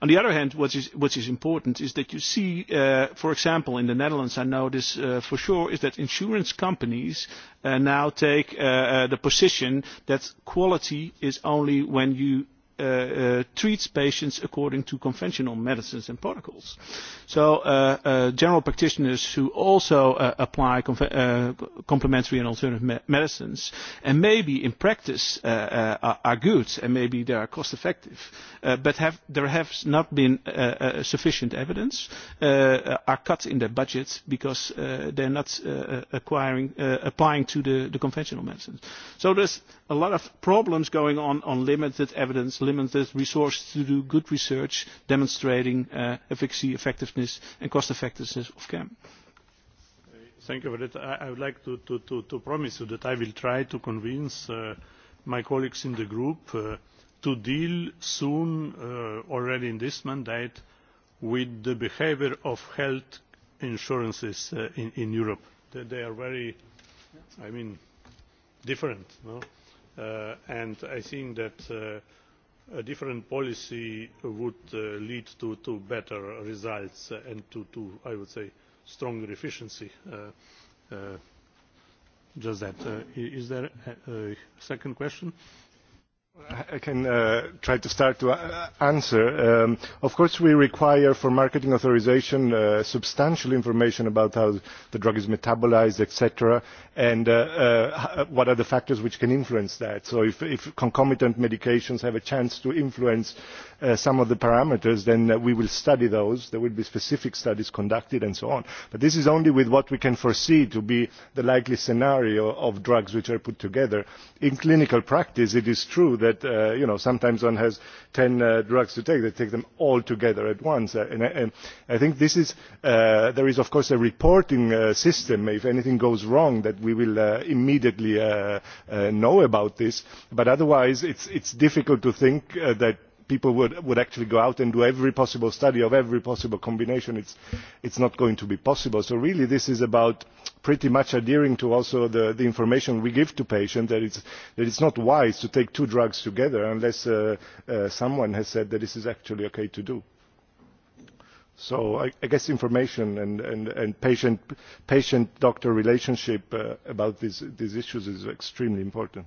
On the other hand, what is important is that you see, for example, in the Netherlands, I know this for sure, is that insurance companies now take the position that quality is only when you treats patients according to conventional medicines and protocols. So general practitioners who also apply complementary and alternative medicines and maybe in practice are good and maybe they are cost effective but there has not been sufficient evidence are cut in their budgets because they are not applying to the conventional medicines. So there's a lot of problems going on on limited evidence limited resources to do good research demonstrating efficacy, effectiveness and cost effectiveness of CAM. Thank you that. I would like to to to promise you that I will try to convince my colleagues in the group to deal soon, already in this mandate, with the behavior of health insurances in Europe. They are very, I mean, different. no And I think that a different policy would lead to better results and to i would say stronger efficiency. just that. is there a second question? I can try to start to answer. Of course, we require for marketing authorization substantial information about how the drug is metabolized, etc., and what are the factors which can influence that. So if concomitant medications have a chance to influence some of the parameters, then we will study those. There will be specific studies conducted and so on. But this is only with what we can foresee to be the likely scenario of drugs which are put together. In clinical practice, it is true that that you know sometimes one has 10 drugs to take they take them all together at once and i think this is there is of course a reporting system if anything goes wrong that we will immediately know about this but otherwise it's it's difficult to think that people would actually go out and do every possible study of every possible combination it's not going to be possible. so really this is about pretty much adhering to also the information we give to patients that it's not wise to take two drugs together unless someone has said that this is actually okay to do. So I guess information and patient-doctor relationship about these issues is extremely important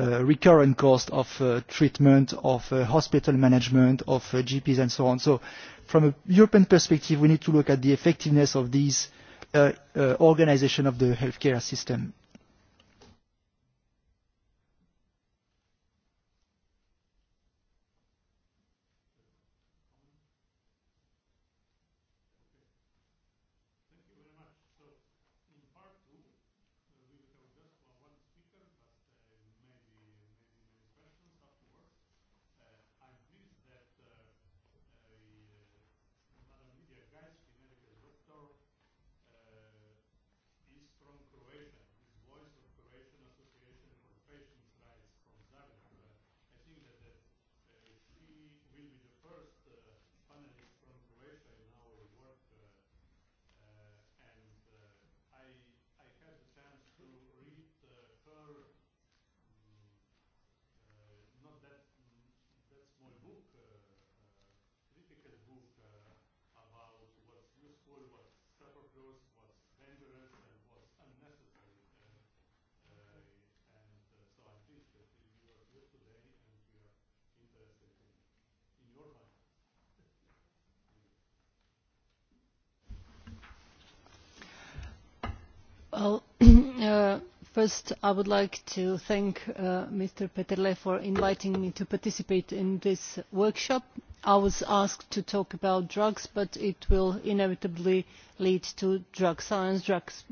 recurrent cost of treatment, of hospital management, of GPs and so on. So from a European perspective, we need to look at the effectiveness of this organisation of the healthcare system. First, I would like to thank Mr. Peterle for inviting me to participate in this workshop. I was asked to talk about drugs, but it will inevitably lead to drug science,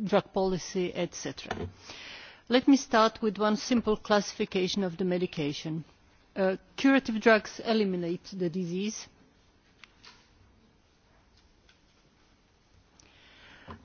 drug policy, etc. Let me start with one simple classification of the medication. Curative drugs eliminate the disease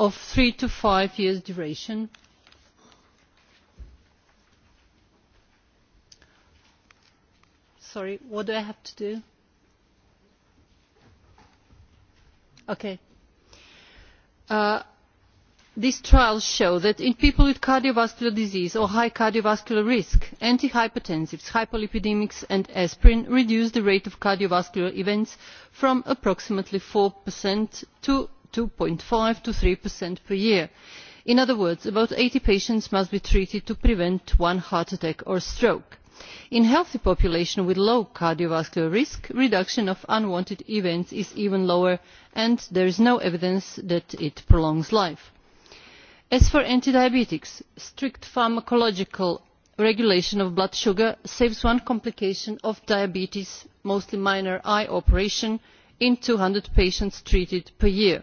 of three to five years duration. Sorry, what do I have to do? Okay. These trials show that in people with cardiovascular disease or high cardiovascular risk, antihypertensives, hypolipidemics and aspirin reduce the rate of cardiovascular events from approximately 4% to 2.5 to 3% per year. In other words, about 80 patients must be treated to prevent one heart attack or stroke. In healthy population with low cardiovascular risk, reduction of unwanted events is even lower and there is no evidence that it prolongs life. As for anti diabetics, strict pharmacological regulation of blood sugar saves one complication of diabetes, mostly minor eye operation, in 200 patients treated per year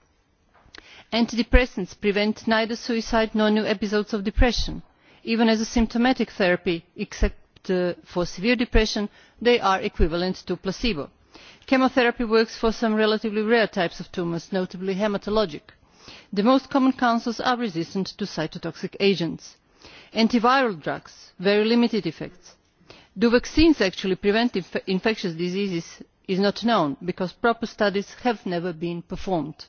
antidepressants prevent neither suicide nor new episodes of depression. even as a symptomatic therapy except for severe depression they are equivalent to placebo. chemotherapy works for some relatively rare types of tumours notably hematologic. the most common cancers are resistant to cytotoxic agents. antiviral drugs very limited effects. do vaccines actually prevent infectious diseases is not known because proper studies have never been performed.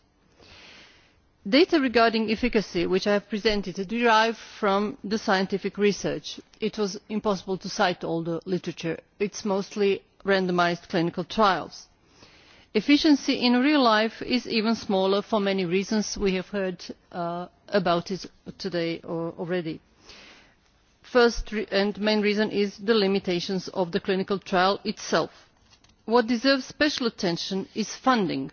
Data regarding efficacy, which I have presented, are from the scientific research. It was impossible to cite all the literature. is mostly randomised clinical trials. Efficiency in real life is even smaller for many reasons. We have heard about it today already. First and main reason is the limitations of the clinical trial itself. What deserves special attention is funding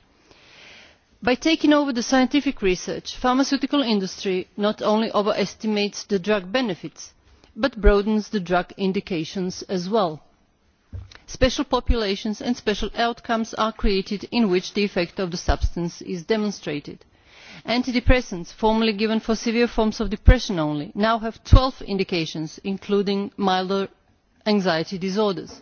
By taking over the scientific research, pharmaceutical industry not only overestimates the drug benefits, but broadens the drug indications as well. Special populations and special outcomes are created in which the effect of the substance is demonstrated. Antidepressants, formerly given for severe forms of depression only, now have 12 indications, including milder anxiety disorders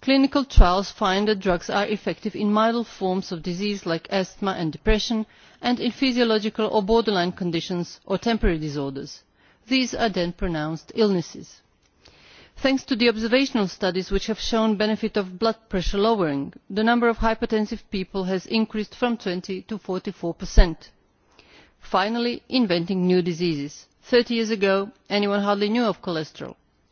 clinical trials find that drugs are effective in mild forms of disease like asthma and depression and in physiological or borderline conditions or temporary disorders. these are then pronounced illnesses. thanks to the observational studies which have shown the benefit of blood pressure lowering the number of hypertensive people has increased from twenty to. forty four finally inventing new diseases. thirty years ago anyone hardly knew of cholesterol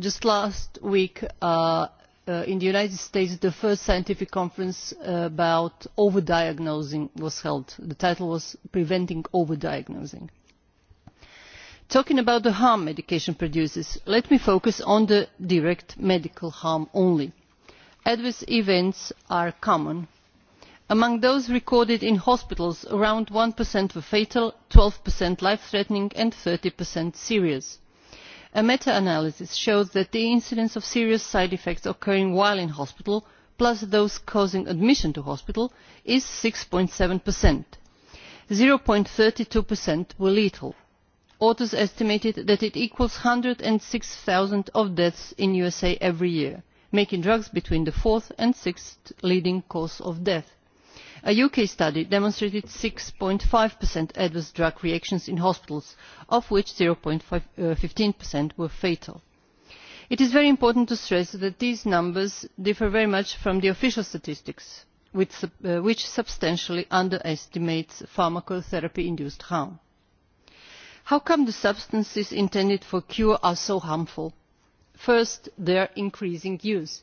Just last week in the United States the first scientific conference about overdiagnosing was held. The title was Preventing Overdiagnosing. Talking about the harm medication produces, let me focus on the direct medical harm only. Adverse events are common. Among those recorded in hospitals, around 1% were fatal, 12% life-threatening and 30% serious. A meta-analysis shows that the incidence of serious side effects occurring while in hospital, plus those causing admission to hospital, is 6.7%. 0.32% were lethal. Authors estimated that it equals hundred and 106,000 of deaths in USA every year, making drugs between the fourth and sixth leading cause of death A UK study demonstrated 6.5% adverse drug reactions in hospitals, of which 0.15% were fatal. It is very important to stress that these numbers differ very much from the official statistics, which substantially underestimates pharmacotherapy-induced harm. How come the substances intended for cure are so harmful? First, their increasing use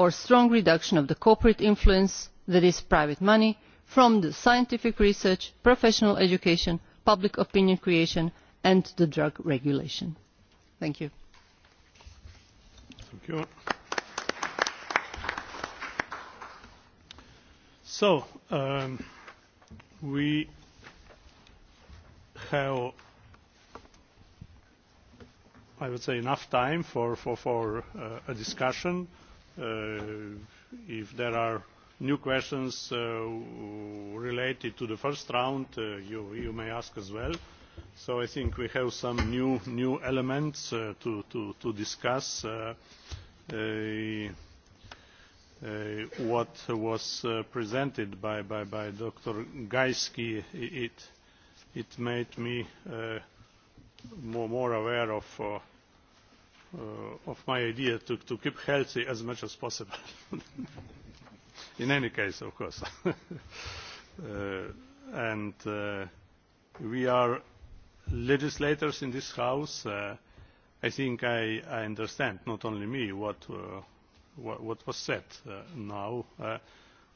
or strong reduction of the corporate influence that is private money from the scientific research professional education public opinion creation and the drug regulation. Thank you. Thank you. So we have I would say enough time for a discussion. If there are new questions related to the first round, you may ask as well. So I think we have some new new elements to discuss. What was presented by Dr. Gajski, it made me more aware of of my idea to keep healthy as much as possible. In any case, of course. And we are legislators in this House. I think I understand, not only me, what was said now.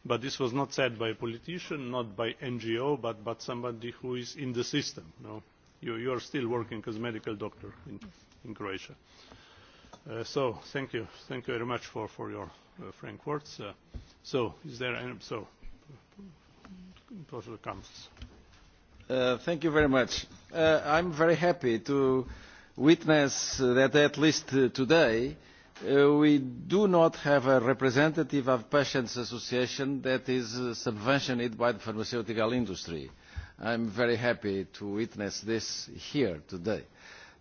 But this was not said by a politician, not by NGO, but but somebody who is in the system. You are still working as a medical doctor in Croatia So thank you, thank you very much for for your frank words. So is there any so? Thank you very much. I'm very happy to witness that at least today we do not have a representative of patients' association that is subventioned by the pharmaceutical industry. I'm very happy to witness this here today.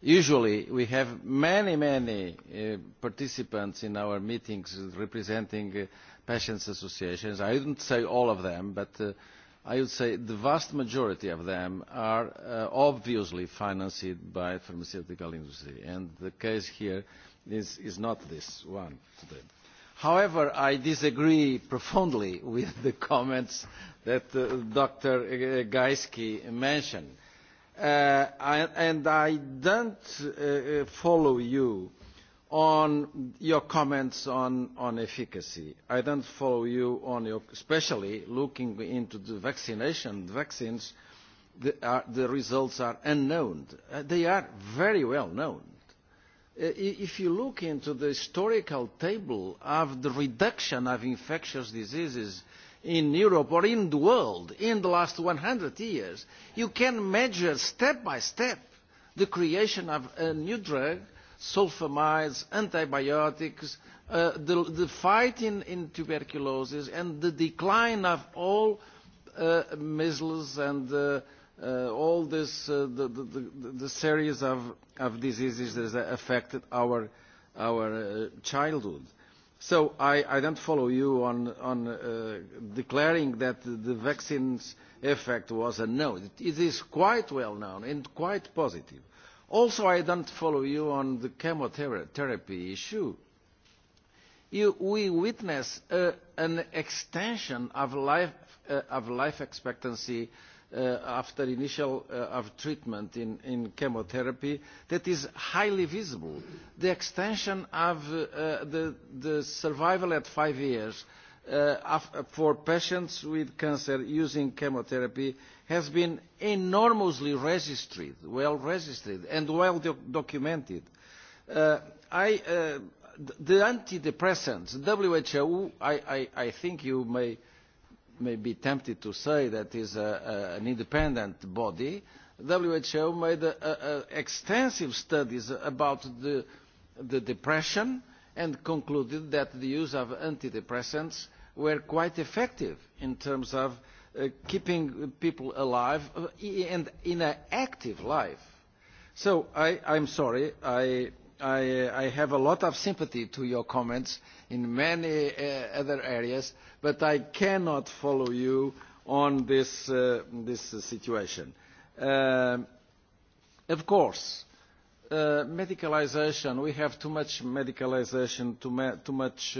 Usually we have many, many participants in our meetings representing patients' associations. I wouldn't say all of them, but I would say the vast majority of them are obviously financed by pharmaceutical industry, and the case here is not this one today. However, I disagree profoundly with the comments that Dr. Gajski mentioned and I don't follow you on your comments on efficacy. I don't follow you on your, especially looking into the vaccination, vaccines, the results are unknown. They are very well known. If you look into the historical table of the reduction of infectious diseases in Europe or in the world in the last 100 years, you can measure step by step the creation of a new drug, sulfamides, antibiotics, the fight in tuberculosis and the decline of all measles and all this the series of diseases that affected our childhood. So I don't follow you on declaring that the vaccine's effect was a It is quite well known and quite positive. Also, I don't follow you on the chemotherapy issue. We witness an extension of life expectancy after initial treatment in chemotherapy that is highly visible. The extension of the survival at five years for patients with cancer using chemotherapy has been enormously registered, well registered and well documented. The antidepressants, WHO, I think you may may be tempted to say that is an independent body, WHO made extensive studies about the depression and concluded that the use of antidepressants were quite effective in terms of keeping people alive and in an active life. So I I'm sorry, I I have a lot of sympathy to your comments in many other areas, but I cannot follow you on this situation. Of course, medicalization we have too much medicalization too much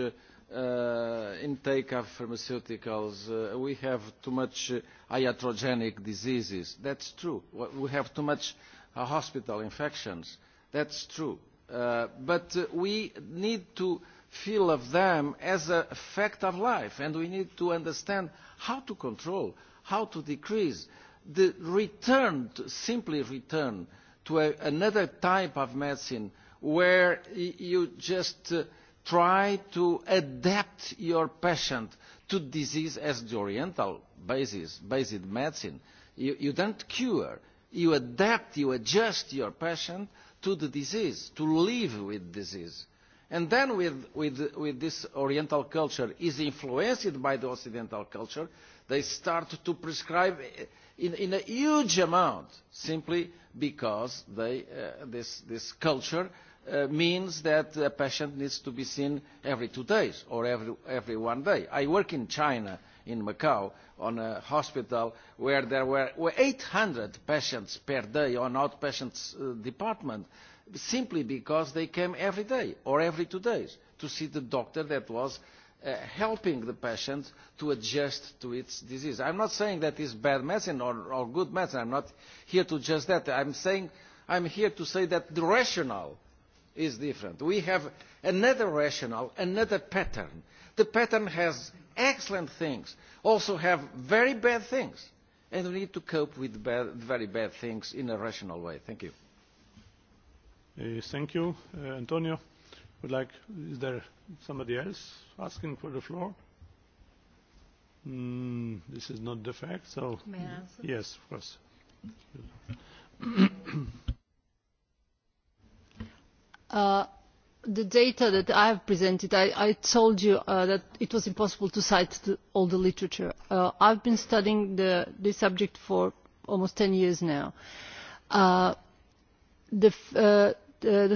intake of pharmaceuticals, we have too much iatrogenic diseases. That's true. We have too much hospital infections. That's true but we need to feel of them as a fact of life, and we need to understand how to control, how to decrease the return, simply return to another type of medicine where you just try to adapt your patient to disease as the oriental basis, basic medicine. You don't cure. You adapt, you adjust your patient to the disease, to live with disease. And then with this Oriental culture is influenced by the Occidental culture, they start to prescribe in a huge amount simply because this culture means that a patient needs to be seen every two days or every one day. I work in China in Macau on a hospital where there were 800 patients per day on outpatient department simply because they came every day or every two days to see the doctor that was helping the patient to adjust to its disease. I'm not saying that is bad medicine or good medicine. I'm not here to judge that. I'm saying I'm here to say that the rationale is different. We have another rationale, another pattern. The pattern has excellent things also have very bad things and we need to cope with very bad things in a rational way. Thank you. Thank you. Antonio, would like, is there somebody else asking for the floor? This is not the fact, so. Yes, of course. Uh, the data that I have presented, I told you that it was impossible to cite all the literature. I've been studying this subject for almost 10 years now. The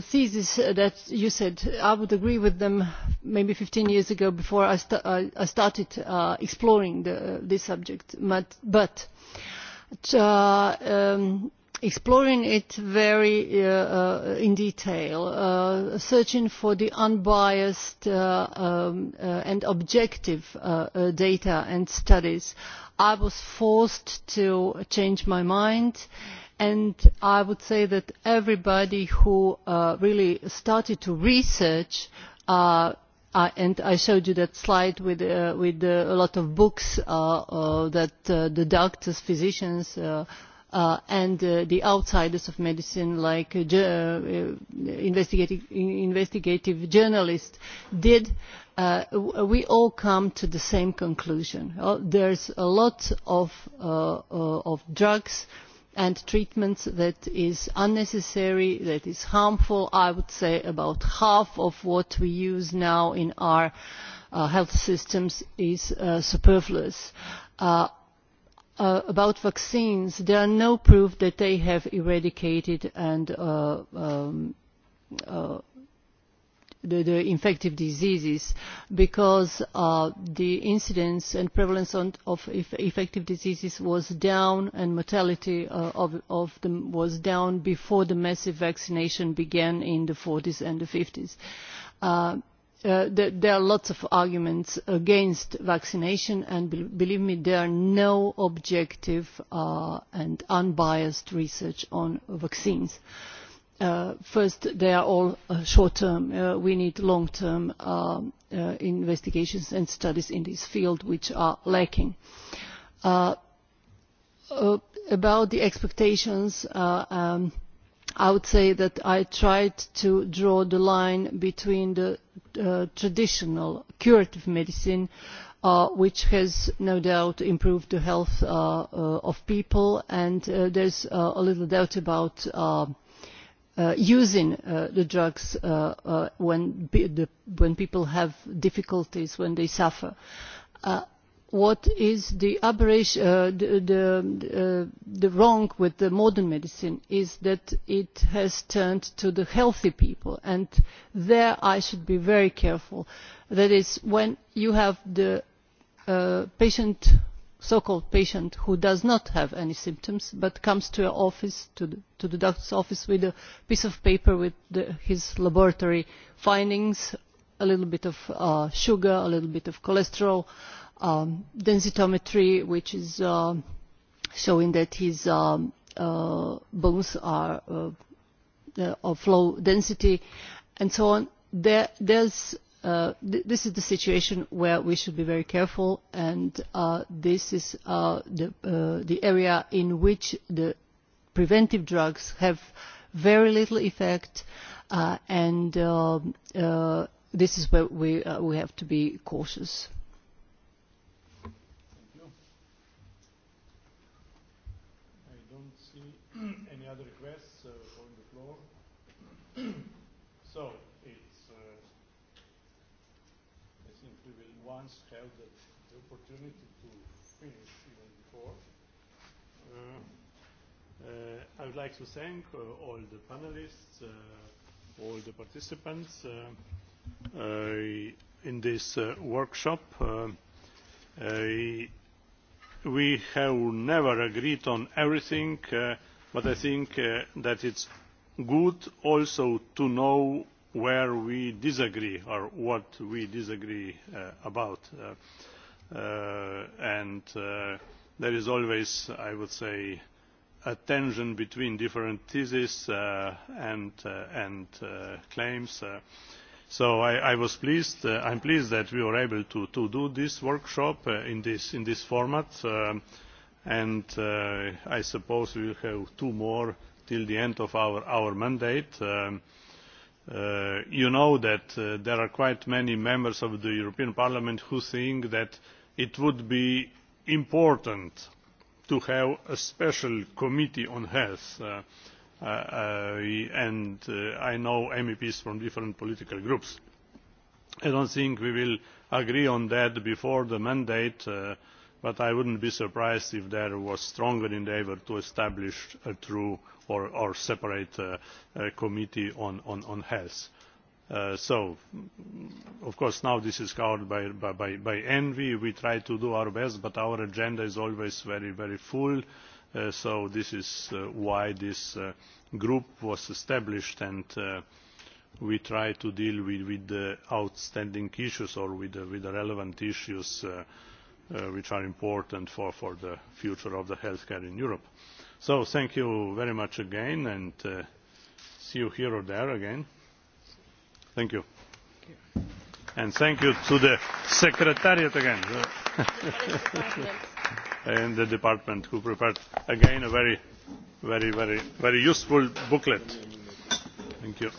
thesis that you said, I would agree with them maybe 15 years ago before I started exploring this subject. But exploring it very in detail, searching for the unbiased and objective data and studies, I was forced to change my mind and I would say that everybody who really started to research and I showed you that slide with a lot of books that the doctors, physicians and the outsiders of medicine like investigative journalists did we all come to the same conclusion there's a lot of drugs and treatments that is unnecessary that is harmful i would say about half of what we use now in our health systems is superfluous About vaccines, there are no proof that they have eradicated and the infective diseases, because the incidence and prevalence of infective diseases was down and mortality of them was down before the massive vaccination began in the 40s and the 50s There are lots of arguments against vaccination and believe me there are no objective and unbiased research on vaccines. First, they are all short term. We need long term investigations and studies in this field which are lacking. About the expectations I would say that I tried to draw the line between the traditional curative medicine, which has no doubt improved the health of people, and there's a little doubt about using the drugs when people have difficulties, when they suffer what is the the wrong with the modern medicine is that it has turned to the healthy people and there i should be very careful that is when you have the patient so called patient who does not have any symptoms but comes to your office to the doctor's office with a piece of paper with his laboratory findings a little bit of sugar a little bit of cholesterol densitometry, which is showing that his bones are of low density, and so on. There's this is the situation where we should be very careful, and this is the area in which the preventive drugs have very little effect, and this is where we have to be cautious. Hans had the opportunity to finish even before. I would like to thank all the panelists, all the participants in this workshop. We have never agreed on everything, but I think that it's good also to know where we disagree or what we disagree about and there is always i would say a tension between different theses and claims so i was pleased i'm pleased that we were able to to do this workshop in this in this format and i suppose we will have two more till the end of our mandate You know that there are quite many members of the European Parliament who think that it would be important to have a special committee on health, and I know MEPs from different political groups. I don't think we will agree on that before the mandate but I wouldn't be surprised if there was stronger endeavour to establish a true or separate committee on health. So, of course, now this is covered by envy. We try to do our best, but our agenda is always very, very full. So this is why this group was established, and we try to deal with the outstanding issues or with the relevant issues which are important for the future of the healthcare in Europe. So thank you very much again and see you here or there again. Thank you. And thank you to the Secretariat again and the department who prepared again a very, very, very, very useful booklet. Thank you.